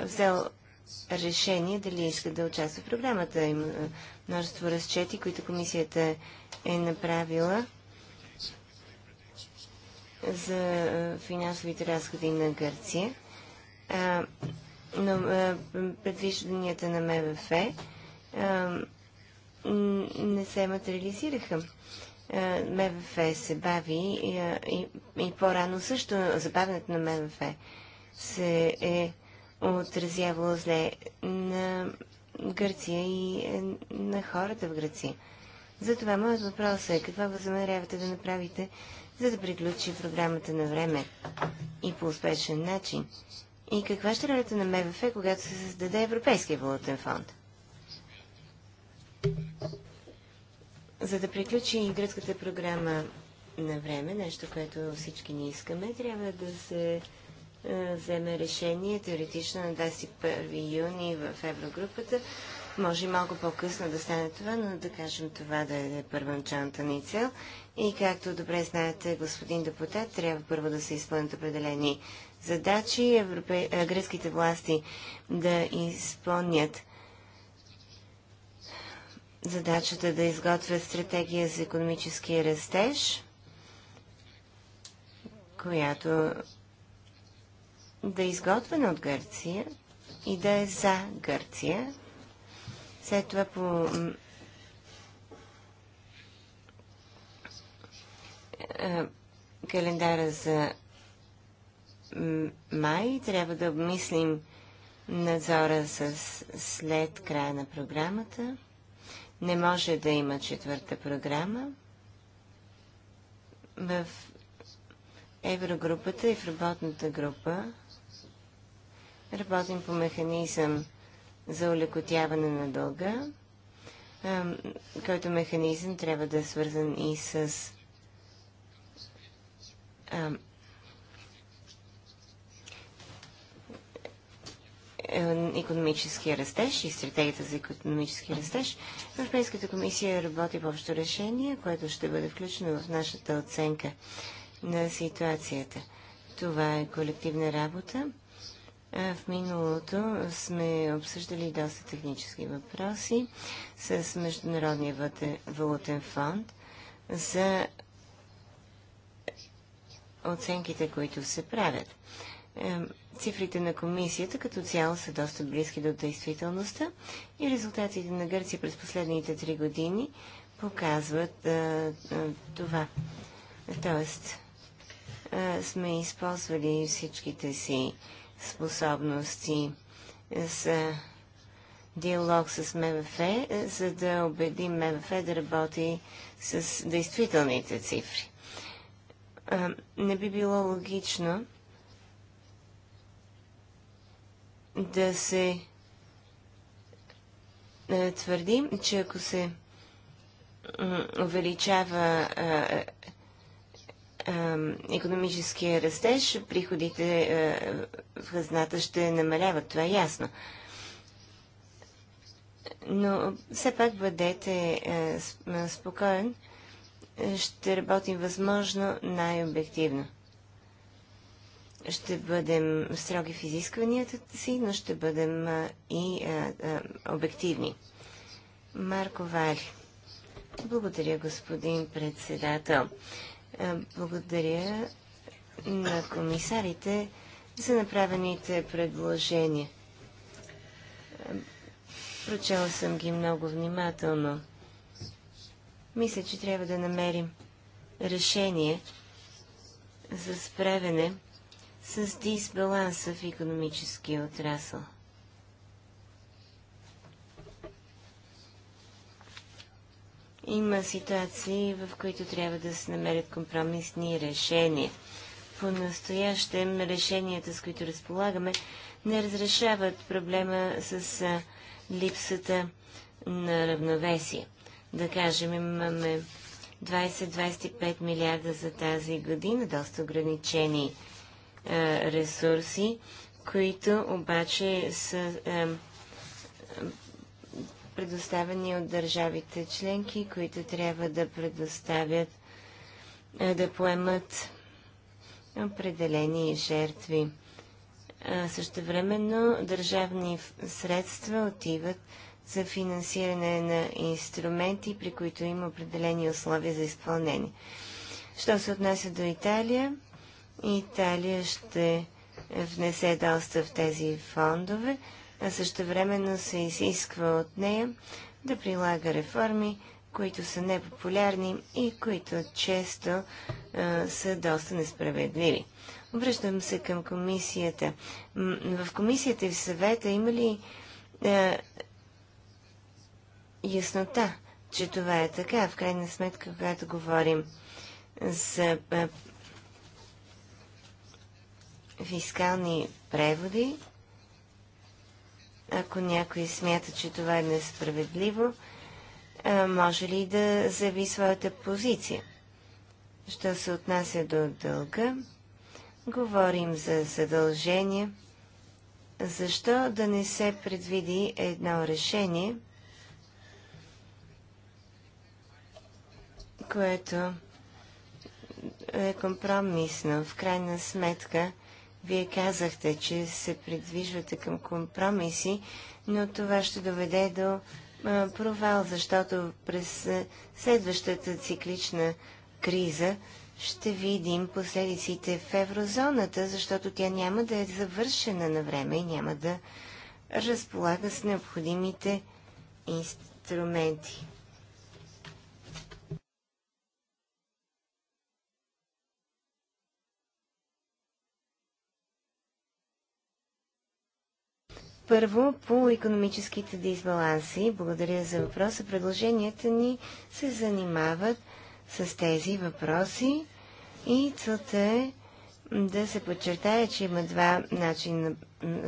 взел решение дали иска да участва в програмата. Има множество разчети, които комисията е направила за финансовите разходи на Гърция на е, предвижданията на МВФ е, не се материализираха. Е, МВФ се бави и, и, и по-рано също забавянето на МВФ се е отразявало зле на Гърция и на хората в Гърция. Затова моят въпрос е какво възнамерявате да направите, за да приключи програмата на време и по успешен начин. И каква ще е ролята на МВФ, когато се създаде Европейския валутен фонд? За да приключи гръцката програма на време, нещо, което всички ни искаме, трябва да се е, вземе решение теоретично на 21 юни в Еврогрупата. Може малко по-късно да стане това, но да кажем това да е първоначалната ни цел. И както добре знаете, господин депутат, трябва първо да се изпълнят определени задачи европе... гръцките власти да изпълнят задачата да изготвят стратегия за економически растеж, която да е изготвена от Гърция и да е за Гърция. След това по календара за май. Трябва да обмислим надзора с, след края на програмата. Не може да има четвърта програма. В Еврогрупата и в работната група работим по механизъм за улекотяване на дълга, който механизъм трябва да е свързан и с Е, економическия растеж и стратегията за економически растеж, Европейската комисия работи по общо решение, което ще бъде включено в нашата оценка на ситуацията. Това е колективна работа. В миналото сме обсъждали доста технически въпроси с Международния валутен фонд за оценките, които се правят. Е, цифрите на комисията като цяло са доста близки до действителността и резултатите на Гърция през последните три години показват а, е, е, това. Тоест, сме използвали всичките си способности за диалог с МВФ, за да убедим МВФ да работи с действителните цифри. Не би било логично да се е, твърди, че ако се увеличава е, е, економическия растеж, приходите в хазната ще намаляват. Това е ясно. Но все пак бъдете спокоен. Ще работим възможно най-обективно ще бъдем строги в изискванията си, но ще бъдем и а, а, обективни. Марко Вали. Благодаря, господин председател. Благодаря на комисарите за направените предложения. Прочела съм ги много внимателно. Мисля, че трябва да намерим решение за справяне с дисбаланса в економическия отрасъл. Има ситуации, в които трябва да се намерят компромисни решения. По-настоящем решенията, с които разполагаме, не разрешават проблема с липсата на равновесие. Да кажем, имаме 20-25 милиарда за тази година, доста ограничени е, ресурси, които обаче са е, предоставени от държавите членки, които трябва да предоставят, е, да поемат определени жертви. същевременно държавни средства отиват за финансиране на инструменти, при които има определени условия за изпълнение. Що се отнася до Италия, Италия ще внесе доста в тези фондове, а също времено се изисква от нея да прилага реформи, които са непопулярни и които често а, са доста несправедливи. Обръщам се към комисията. В комисията и в съвета има ли а, яснота, че това е така? В крайна сметка, когато говорим за а, фискални преводи. Ако някой смята, че това е несправедливо, може ли да заяви своята позиция? Що се отнася до дълга, говорим за задължение Защо да не се предвиди едно решение, което е компромисно, в крайна сметка вие казахте, че се придвижвате към компромиси, но това ще доведе до провал, защото през следващата циклична криза ще видим последиците в еврозоната, защото тя няма да е завършена на време и няма да разполага с необходимите инструменти. Първо, по економическите дисбаланси, благодаря за въпроса. Предложенията ни се занимават с тези въпроси и целта е да се подчертая, че има два начина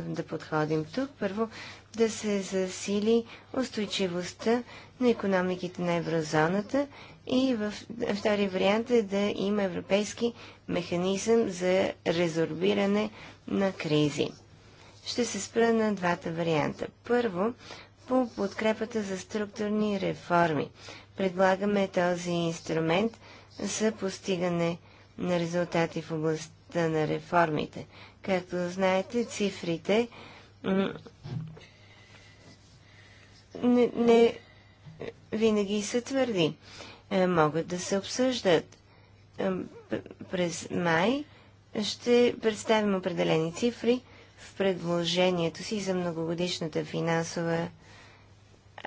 да подходим тук. Първо, да се засили устойчивостта на економиките на еврозоната и във втори вариант е да има европейски механизъм за резорбиране на кризи. Ще се спра на двата варианта. Първо, по подкрепата за структурни реформи. Предлагаме този инструмент за постигане на резултати в областта на реформите. Както знаете, цифрите не, не винаги са твърди. Е, могат да се обсъждат. През май ще представим определени цифри – в предложението си за многогодишната финансова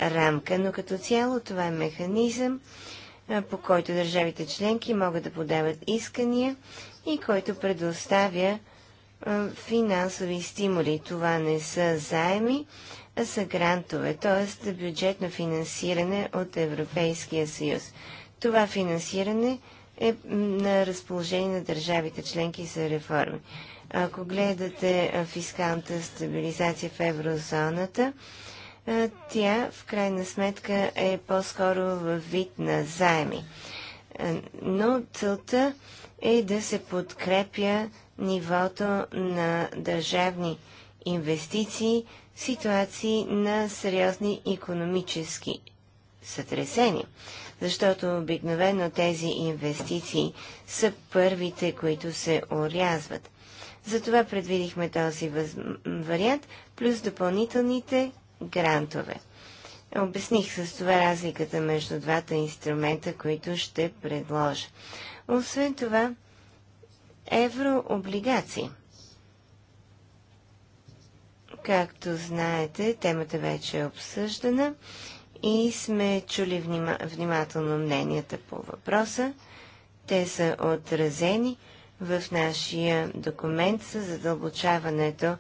рамка, но като цяло това е механизъм, по който държавите членки могат да подават искания и който предоставя финансови стимули. Това не са заеми, а са грантове, т.е. бюджетно финансиране от Европейския съюз. Това финансиране е на разположение на държавите членки за реформи. Ако гледате фискалната стабилизация в еврозоната, тя в крайна сметка е по-скоро в вид на заеми. Но целта е да се подкрепя нивото на държавни инвестиции в ситуации на сериозни економически сътресения. Защото обикновено тези инвестиции са първите, които се орязват. Затова предвидихме този въз... вариант, плюс допълнителните грантове. Обясних с това разликата между двата инструмента, които ще предложа. Освен това, еврооблигации. Както знаете, темата вече е обсъждана и сме чули внима... внимателно мненията по въпроса. Те са отразени в нашия документ за задълбочаването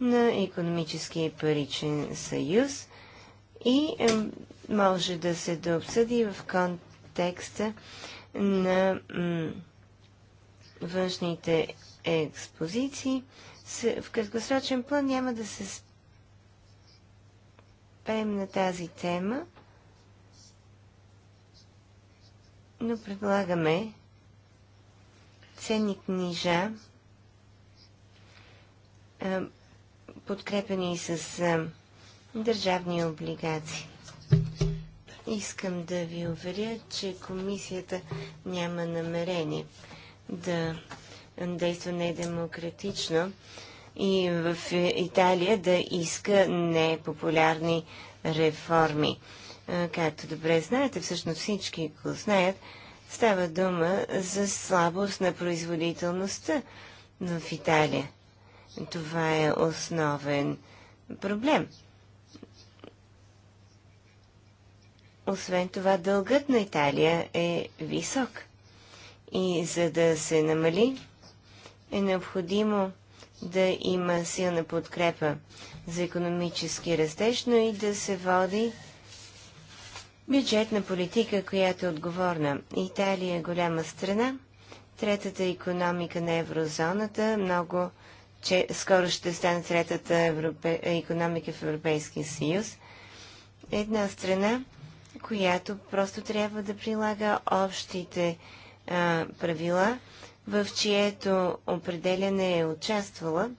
на економическия паричен съюз и може да се дообсъди в контекста на външните експозиции. в краткосрочен план няма да се спрем на тази тема, но предлагаме ценни книжа, подкрепени с държавни облигации. Искам да ви уверя, че комисията няма намерение да действа недемократично и в е, Италия да иска непопулярни реформи. Както добре знаете, всъщност всички го знаят, Става дума за слабост на производителността в Италия. Това е основен проблем. Освен това, дългът на Италия е висок. И за да се намали, е необходимо да има силна подкрепа за економически растеж, но и да се води бюджетна политика, която е отговорна. Италия е голяма страна, третата економика на еврозоната, много че скоро ще стане третата европе... економика в Европейския съюз. Една страна, която просто трябва да прилага общите а, правила, в чието определяне е участвала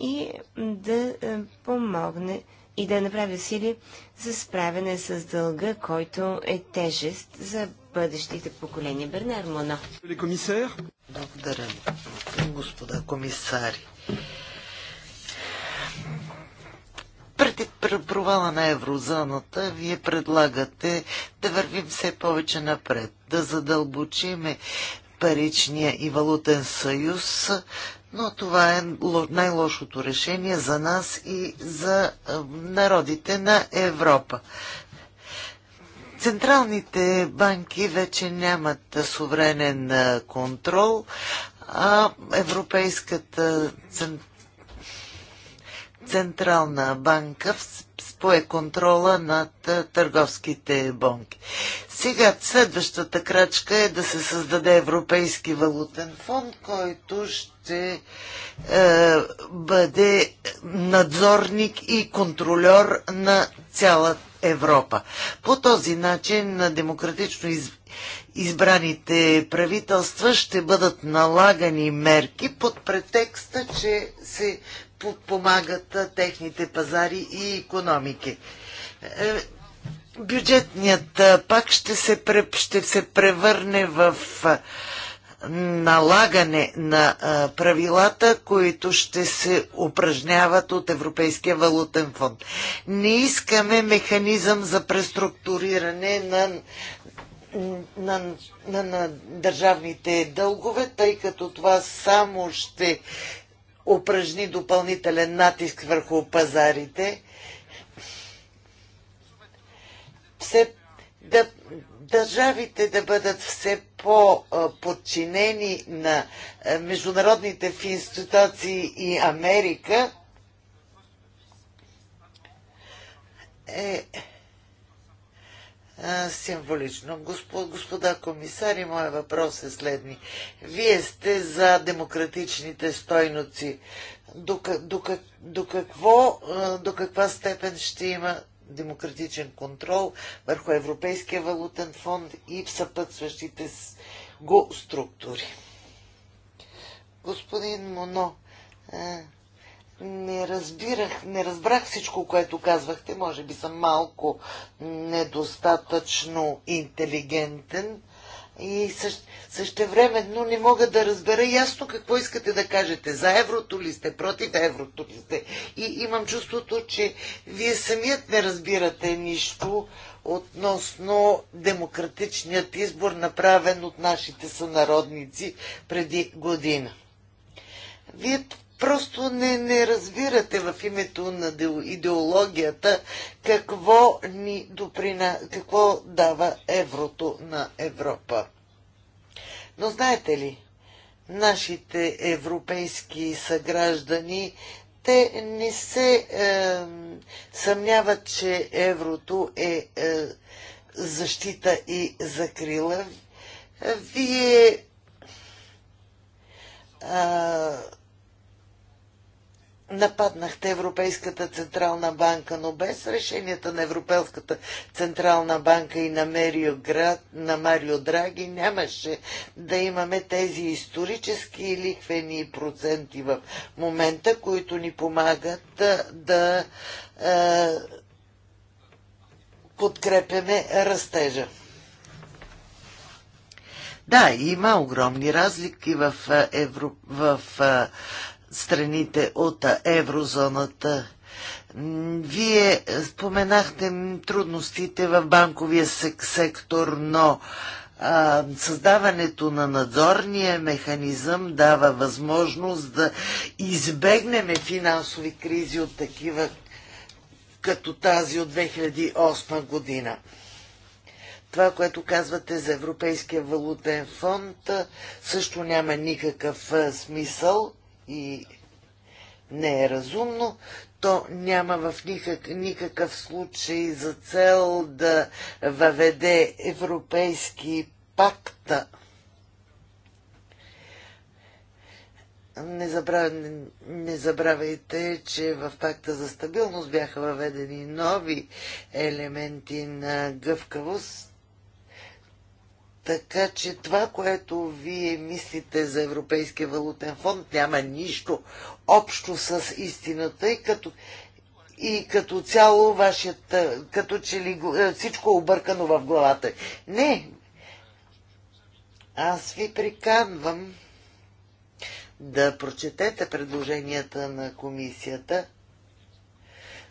и да а, помогне и да направя сили за справяне с дълга, който е тежест за бъдещите поколения. Бернар Моно. Благодаря, господа комисари. Преди провала на еврозоната, вие предлагате да вървим все повече напред, да задълбочиме паричния и валутен съюз, но това е най-лошото решение за нас и за народите на Европа. Централните банки вече нямат суверенен контрол, а Европейската Централна банка спое контрола над търговските бонки. Сега следващата крачка е да се създаде Европейски валутен фонд, който ще е, бъде надзорник и контролер на цяла Европа. По този начин на демократично из, избраните правителства ще бъдат налагани мерки под претекста, че се подпомагат техните пазари и економики. Е, бюджетният пак ще се, ще се превърне в налагане на правилата, които ще се упражняват от Европейския валутен фонд. Не искаме механизъм за преструктуриране на, на, на, на държавните дългове, тъй като това само ще упражни допълнителен натиск върху пазарите все да, държавите да бъдат все по-подчинени на е, международните институции и Америка е символично. Господ, господа комисари, моя въпрос е следни. Вие сте за демократичните стойноци. До, до, до, какво, до каква степен ще има демократичен контрол върху Европейския валутен фонд и съпътстващите го структури. Господин Моно, е, не разбирах, не разбрах всичко, което казвахте. Може би съм малко недостатъчно интелигентен. И също, но не мога да разбера ясно какво искате да кажете. За еврото ли сте, против еврото ли сте. И имам чувството, че вие самият не разбирате нищо относно демократичният избор, направен от нашите сънародници преди година. Вие просто не, не разбирате в името на идеологията какво ни доприна, какво дава еврото на Европа. Но знаете ли, нашите европейски съграждани, те не се е, съмняват, че еврото е, е защита и закрила. Вие е, нападнахте Европейската Централна банка, но без решенията на Европейската Централна банка и на, Мерио Град, на Марио Драги нямаше да имаме тези исторически лихвени проценти в момента, които ни помагат да, да е, подкрепяме растежа. Да, има огромни разлики в, в, в страните от еврозоната. Вие споменахте трудностите в банковия сектор, но а, създаването на надзорния механизъм дава възможност да избегнем финансови кризи от такива като тази от 2008 година. Това, което казвате за Европейския валутен фонд, също няма никакъв смисъл и не е разумно, то няма в никак, никакъв случай за цел да въведе европейски пакта. Не, забрав... не забравяйте, че в пакта за стабилност бяха въведени нови елементи на гъвкавост така че това, което вие мислите за Европейския валутен фонд, няма нищо общо с истината и като, и като цяло вашият, като че ли всичко е объркано в главата. Не, аз ви приканвам да прочетете предложенията на комисията,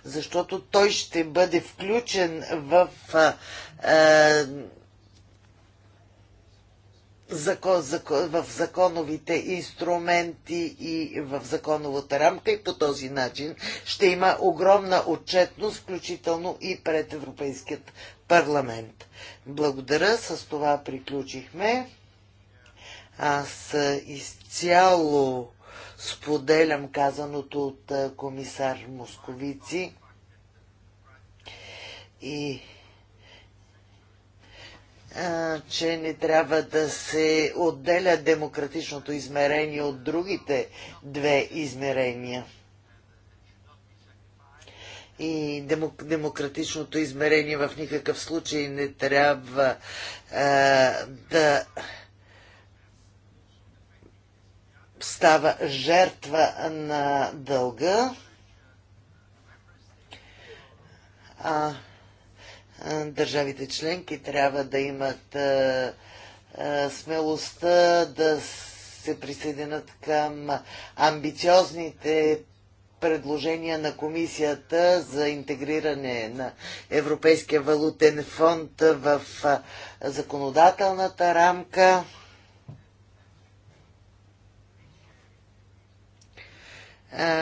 защото той ще бъде включен в а, а, закон, закон, в законовите инструменти и в законовата рамка и по този начин ще има огромна отчетност, включително и пред Европейският парламент. Благодаря, с това приключихме. Аз изцяло споделям казаното от комисар Московици и че не трябва да се отделя демократичното измерение от другите две измерения. И демократичното измерение в никакъв случай не трябва да става жертва на дълга. А, държавите членки трябва да имат смелостта да се присъединят към амбициозните предложения на комисията за интегриране на Европейския валутен фонд в законодателната рамка.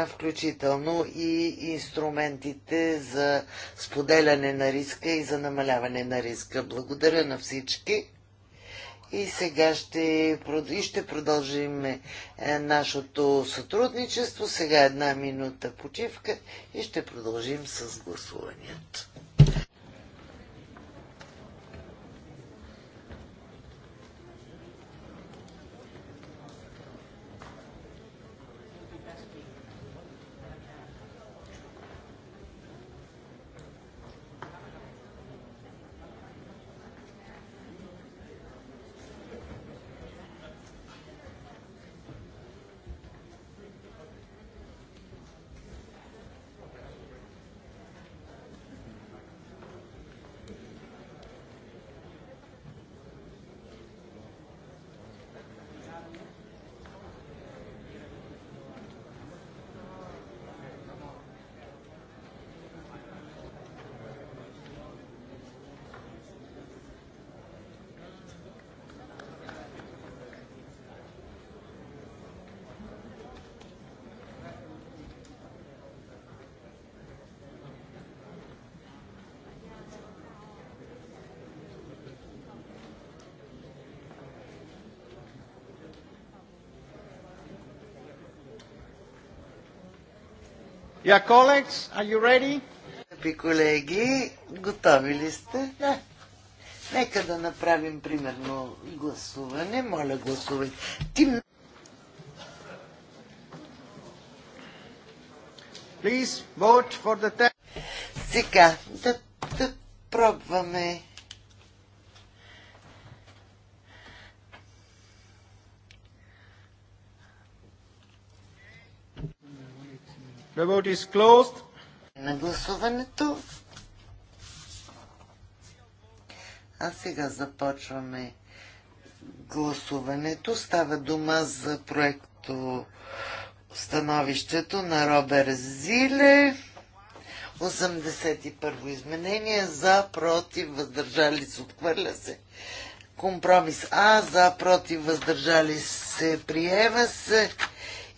включително и инструментите за споделяне на риска и за намаляване на риска. Благодаря на всички. И сега ще, и ще продължим е, нашето сътрудничество. Сега една минута почивка и ще продължим с гласуванията. Yeah, colleagues, are you ready? Скъпи колеги, готови ли сте? Да. Нека да направим примерно гласуване. Моля, гласувай. Ти... Please vote for the Сега, да, да пробваме The vote is closed. На гласуването. А сега започваме гласуването. Става дума за проекто становището на Робер Зиле. 81-во изменение за, против, въздържали се, отхвърля се. Компромис А за, против, въздържали се, приема се.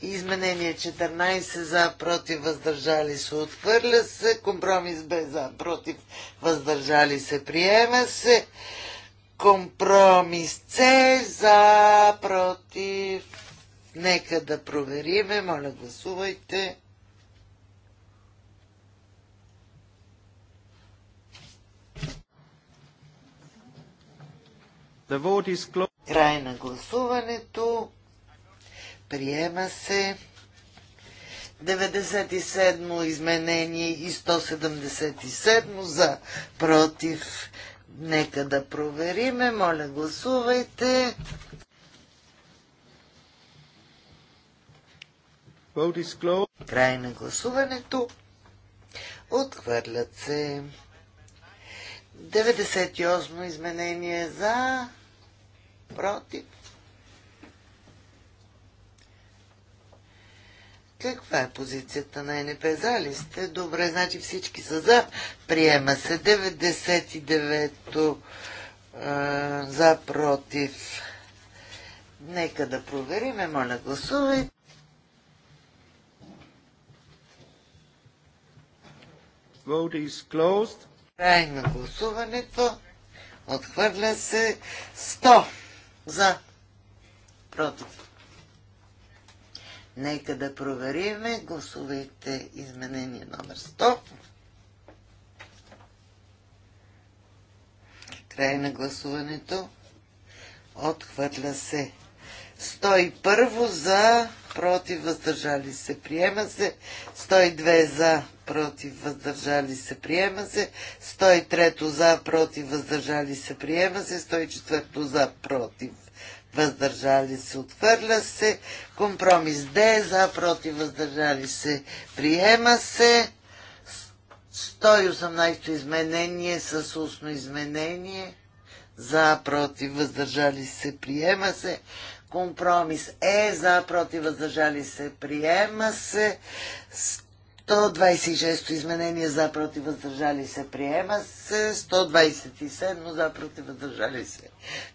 Изменение 14 за, против, въздържали се, отхвърля се. Компромис Б за, против, въздържали се, приема се. Компромис С за, против. Нека да провериме. Моля, гласувайте. Край на гласуването. Приема се. 97 изменение и 177 за против. Нека да провериме. Моля, гласувайте. Край на гласуването. Отхвърлят се. 98 изменение за против. Каква е позицията на НП? За ли сте? Добре, значи всички са за. Приема се 99-то е, за против. Нека да провериме. Моля, гласувайте. Vote is closed. Край на гласуването. Отхвърля се 100 за против. Нека да провериме. Гласувайте изменение номер 100. Край на гласуването. Отхвърля се. 101 за, против, въздържали се, приема се. 102 за, против, въздържали се, приема се. 103 за, против, въздържали се, приема се. 104 за, против, въздържали се, отхвърля се. Компромис Д, за, против, въздържали се, приема се. 118 изменение с устно изменение. За, против, въздържали се, приема се. Компромис Е, за, против, въздържали се, приема се. 126 изменение за против въздържали се приема се. 127 за против въздържали се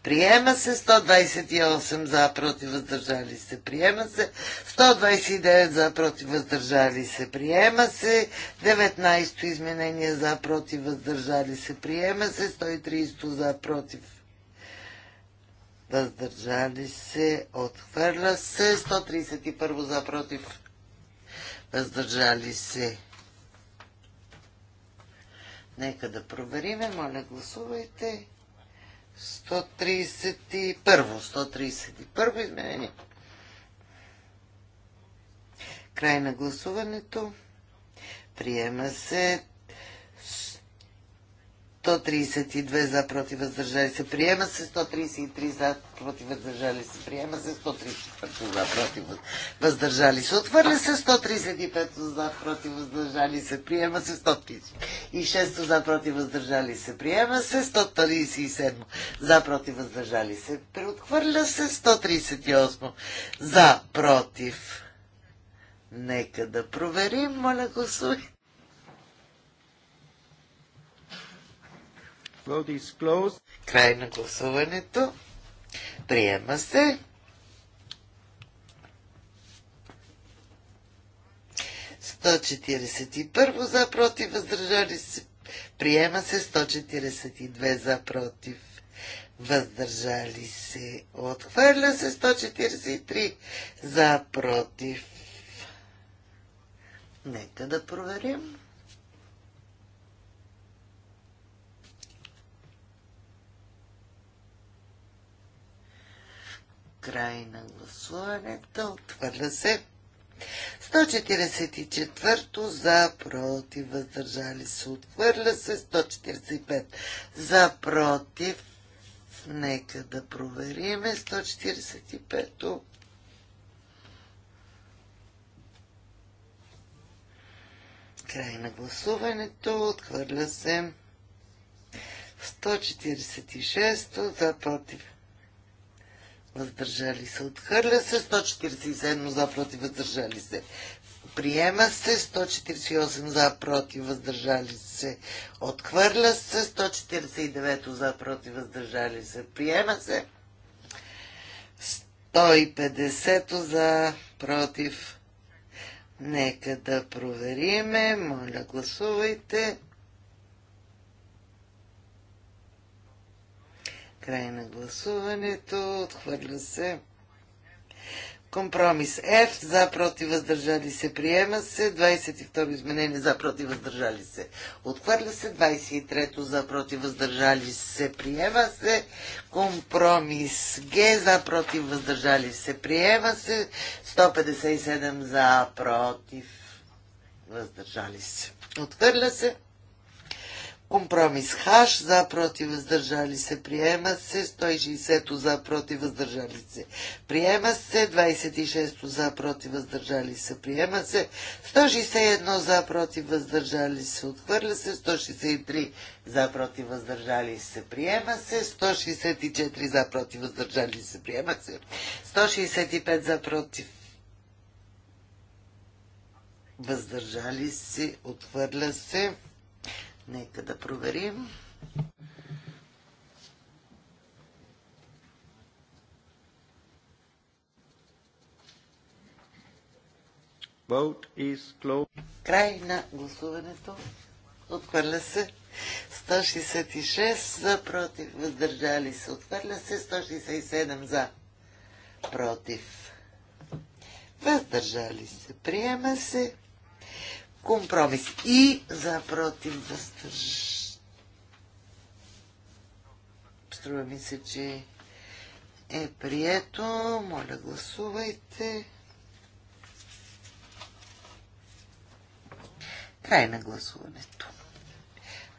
приема се. 128 за против въздържали се приема се. 129 за против въздържали се приема се. 19 изменение за против въздържали се приема се. 130 за против въздържали се отхвърля се. 131 за против въздържали се. Нека да провериме. Моля, гласувайте. 131. 131 изменение. Край на гласуването. Приема се 132 за против въздържали се приема се, 133 за против въздържали се приема се, 134 за против въздържали се отвърля се, 135 за против въздържали се приема се, 136 за против въздържали се приема се, 137 за против въздържали се преотхвърля се, 138 за против. Нека да проверим, моля гласувайте. Край на гласуването. Приема се. Сто първо за против, въздържали се. Приема се 142 за против. Въздържали се. Отхвърля се 143 за против. Нека да проверим. Край на гласуването. Отхвърля се. 144 за против, въздържали се, отхвърля се. 145 за против. Нека да провериме 145-то. Край на гласуването. Отхвърля се. 146 за против въздържали се, отхвърля се, 147 за, против, въздържали се, приема се, 148 за, против, въздържали се, отхвърля се, 149 за, против, въздържали се, приема се, 150 за, против, Нека да провериме. Моля, гласувайте. Край на гласуването. Отхвърля се. Компромис F за против въздържали се приема се. 22 изменение за против въздържали се. Отхвърля се. 23 за против въздържали се приема се. Компромис Г за против въздържали се приема се. 157 за против въздържали се. Отхвърля се. Компромис Хаш за против въздържали се приема се, 160 за против въздържали се приема се, 26 за против въздържали се приема се, 161 за против въздържали се отхвърля се, 163 за против въздържали се приема се, 164 за против въздържали се приема се, 165 за против въздържали се отхвърля се. Нека да проверим. Vote is closed. Край на гласуването. Отхвърля се 166 за, против, въздържали се. Отхвърля се 167 за, против. Въздържали се. Приема се Компромис и за против Струва ми се, че е прието. Моля, гласувайте. Край на гласуването.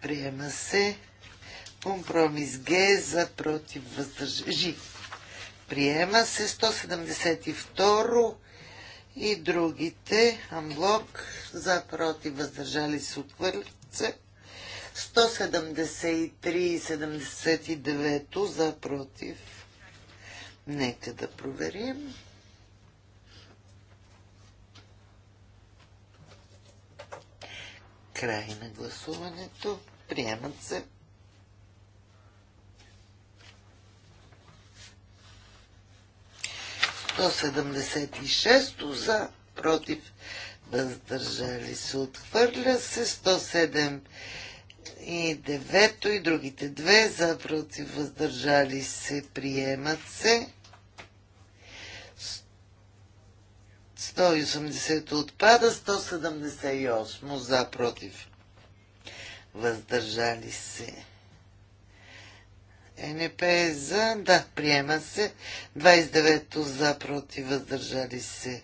Приема се компромис Г за против въздържи. Приема се 172 и другите амблок за, против, въздържали се, отхвърлят се. 173 и 79 за, против. Нека да проверим. Край на гласуването. Приемат се. До 76 за, против, въздържали се, отхвърля се 107 и 9 и другите две за против въздържали се приемат се 180 отпада 178 за против въздържали се е, НП е за, да, приема се. 29-то за, против, въздържали се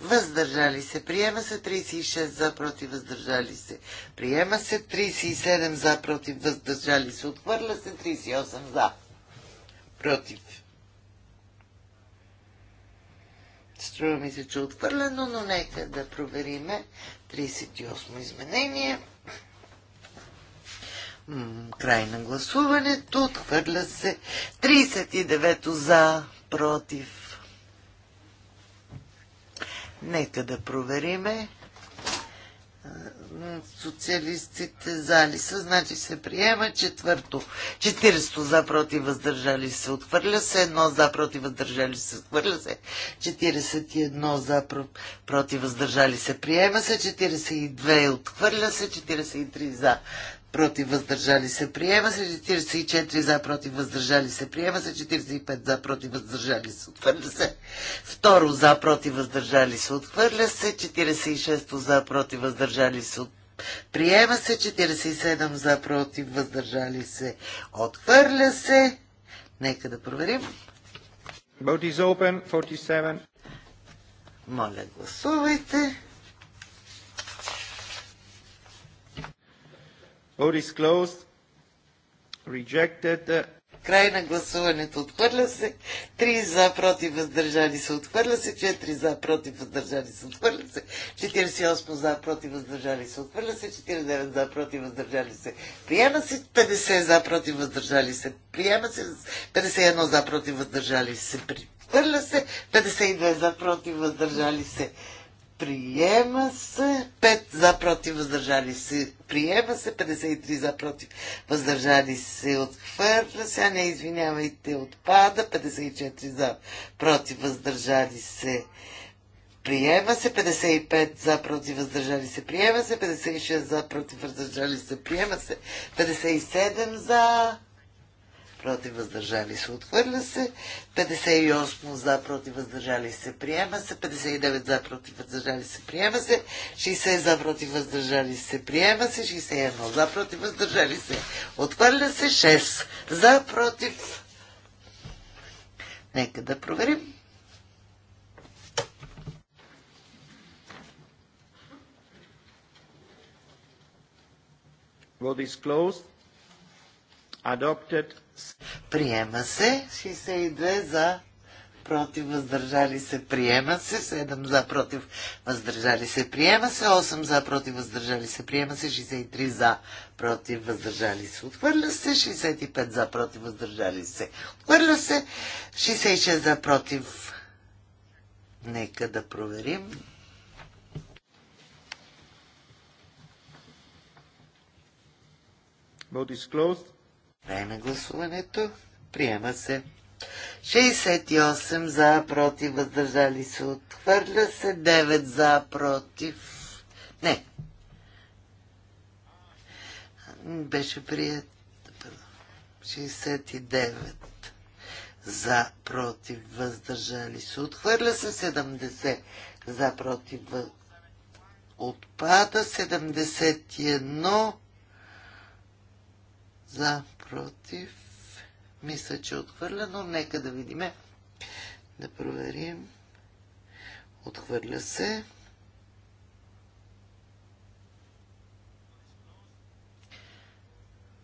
въздържали се, приема се 36 за, против, въздържали се, приема се 37 за, против, въздържали се, отхвърля се 38 за, против. Струва ми се, че е отхвърлено, но нека да провериме 38 изменение. край на гласуването, отхвърля се 39 за, против, Нека да провериме. Социалистите зали са, значи се приема четвърто. 40 за против въздържали се, отхвърля се. Едно за против въздържали се, отхвърля се. 41 за против въздържали се, приема се. 42 отхвърля се. 43 за против въздържали се приема се, 44 за против въздържали се приема се, 45 за против въздържали се отхвърля се, второ за против въздържали се отхвърля се, 46 за против въздържали се от... приема се, 47 за против въздържали се отхвърля се. Нека да проверим. Vote is open, 47. Моля, гласувайте. Vote is closed. Rejected. Край на гласуването. Отхвърля се. 3 за, против, въздържали се. Отхвърля се. 4 за, против, въздържали се. Отхвърля се. 48 за, против, въздържали се. Отхвърля се. 49 за, против, въздържали се. Приема се. 50 за, против, въздържали се. Приема се. 51 за, против, въздържали се. Отхвърля се. 52 за, против, въздържали се. Приема се 5 за против въздържали се. Приема се 53 за против въздържали се. Отхвърля се. не извинявайте, отпада. 54 за против въздържали се. Приема се 55 за против въздържали се. Приема се 56 за против въздържали се. Приема се 57 за против въздържали се, отхвърля се. 58 за, против въздържали се, приема се. 59 за, против въздържали се, приема се. 60 за, против въздържали се, приема се. 61 за, против въздържали се, отхвърля се. 6 за, против. Нека да проверим. Vote is closed. Adopted. Приема се. 62 за против, въздържали се, приема се. 7 за против, въздържали се, приема се. 8 за против, въздържали се, приема се. 63 за против, въздържали се, отхвърля се. 65 за против, въздържали се, отхвърля се. 66 за против. Нека да проверим. Vote is closed. Време на гласуването. Приема се. 68 за, против, въздържали се. Отхвърля се. 9 за, против. Не. Беше прият. 69 за, против, въздържали се. Отхвърля се 70 за, против, отпада 71 за, против. Мисля, че е но Нека да видим. Да проверим. Отхвърля се.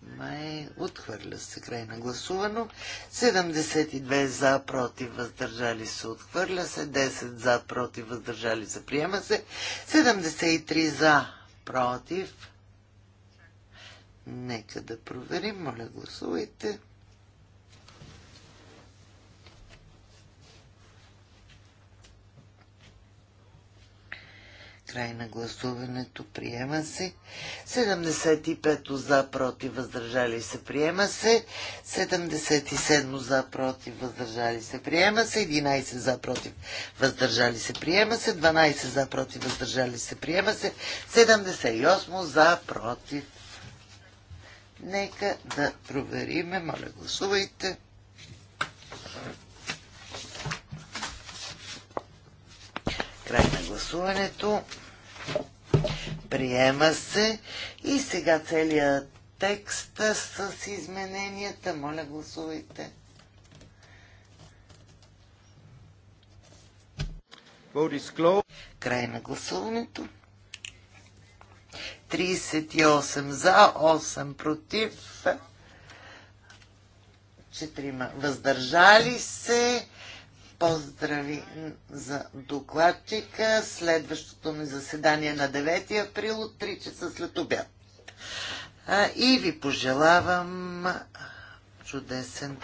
Май, отхвърля се край на гласувано. 72 за, против, въздържали се, отхвърля се. 10 за, против, въздържали се, приема се. 73 за, против, Нека да проверим. Моля, гласувайте. край на гласуването. Приема се. 75 за, против, въздържали се. Приема се. 77 за, против, въздържали се. Приема се. 11 за, против, въздържали се. Приема се. 12 за, против, въздържали се. Приема се. 78 за, против, Нека да провериме. Моля, гласувайте. Край на гласуването. Приема се. И сега целият текст с измененията. Моля, гласувайте. Край на гласуването. 38 за, 8 против, 4 въздържали се. Поздрави за докладчика. Следващото ми заседание на 9 април от 3 часа след обяд. И ви пожелавам чудесен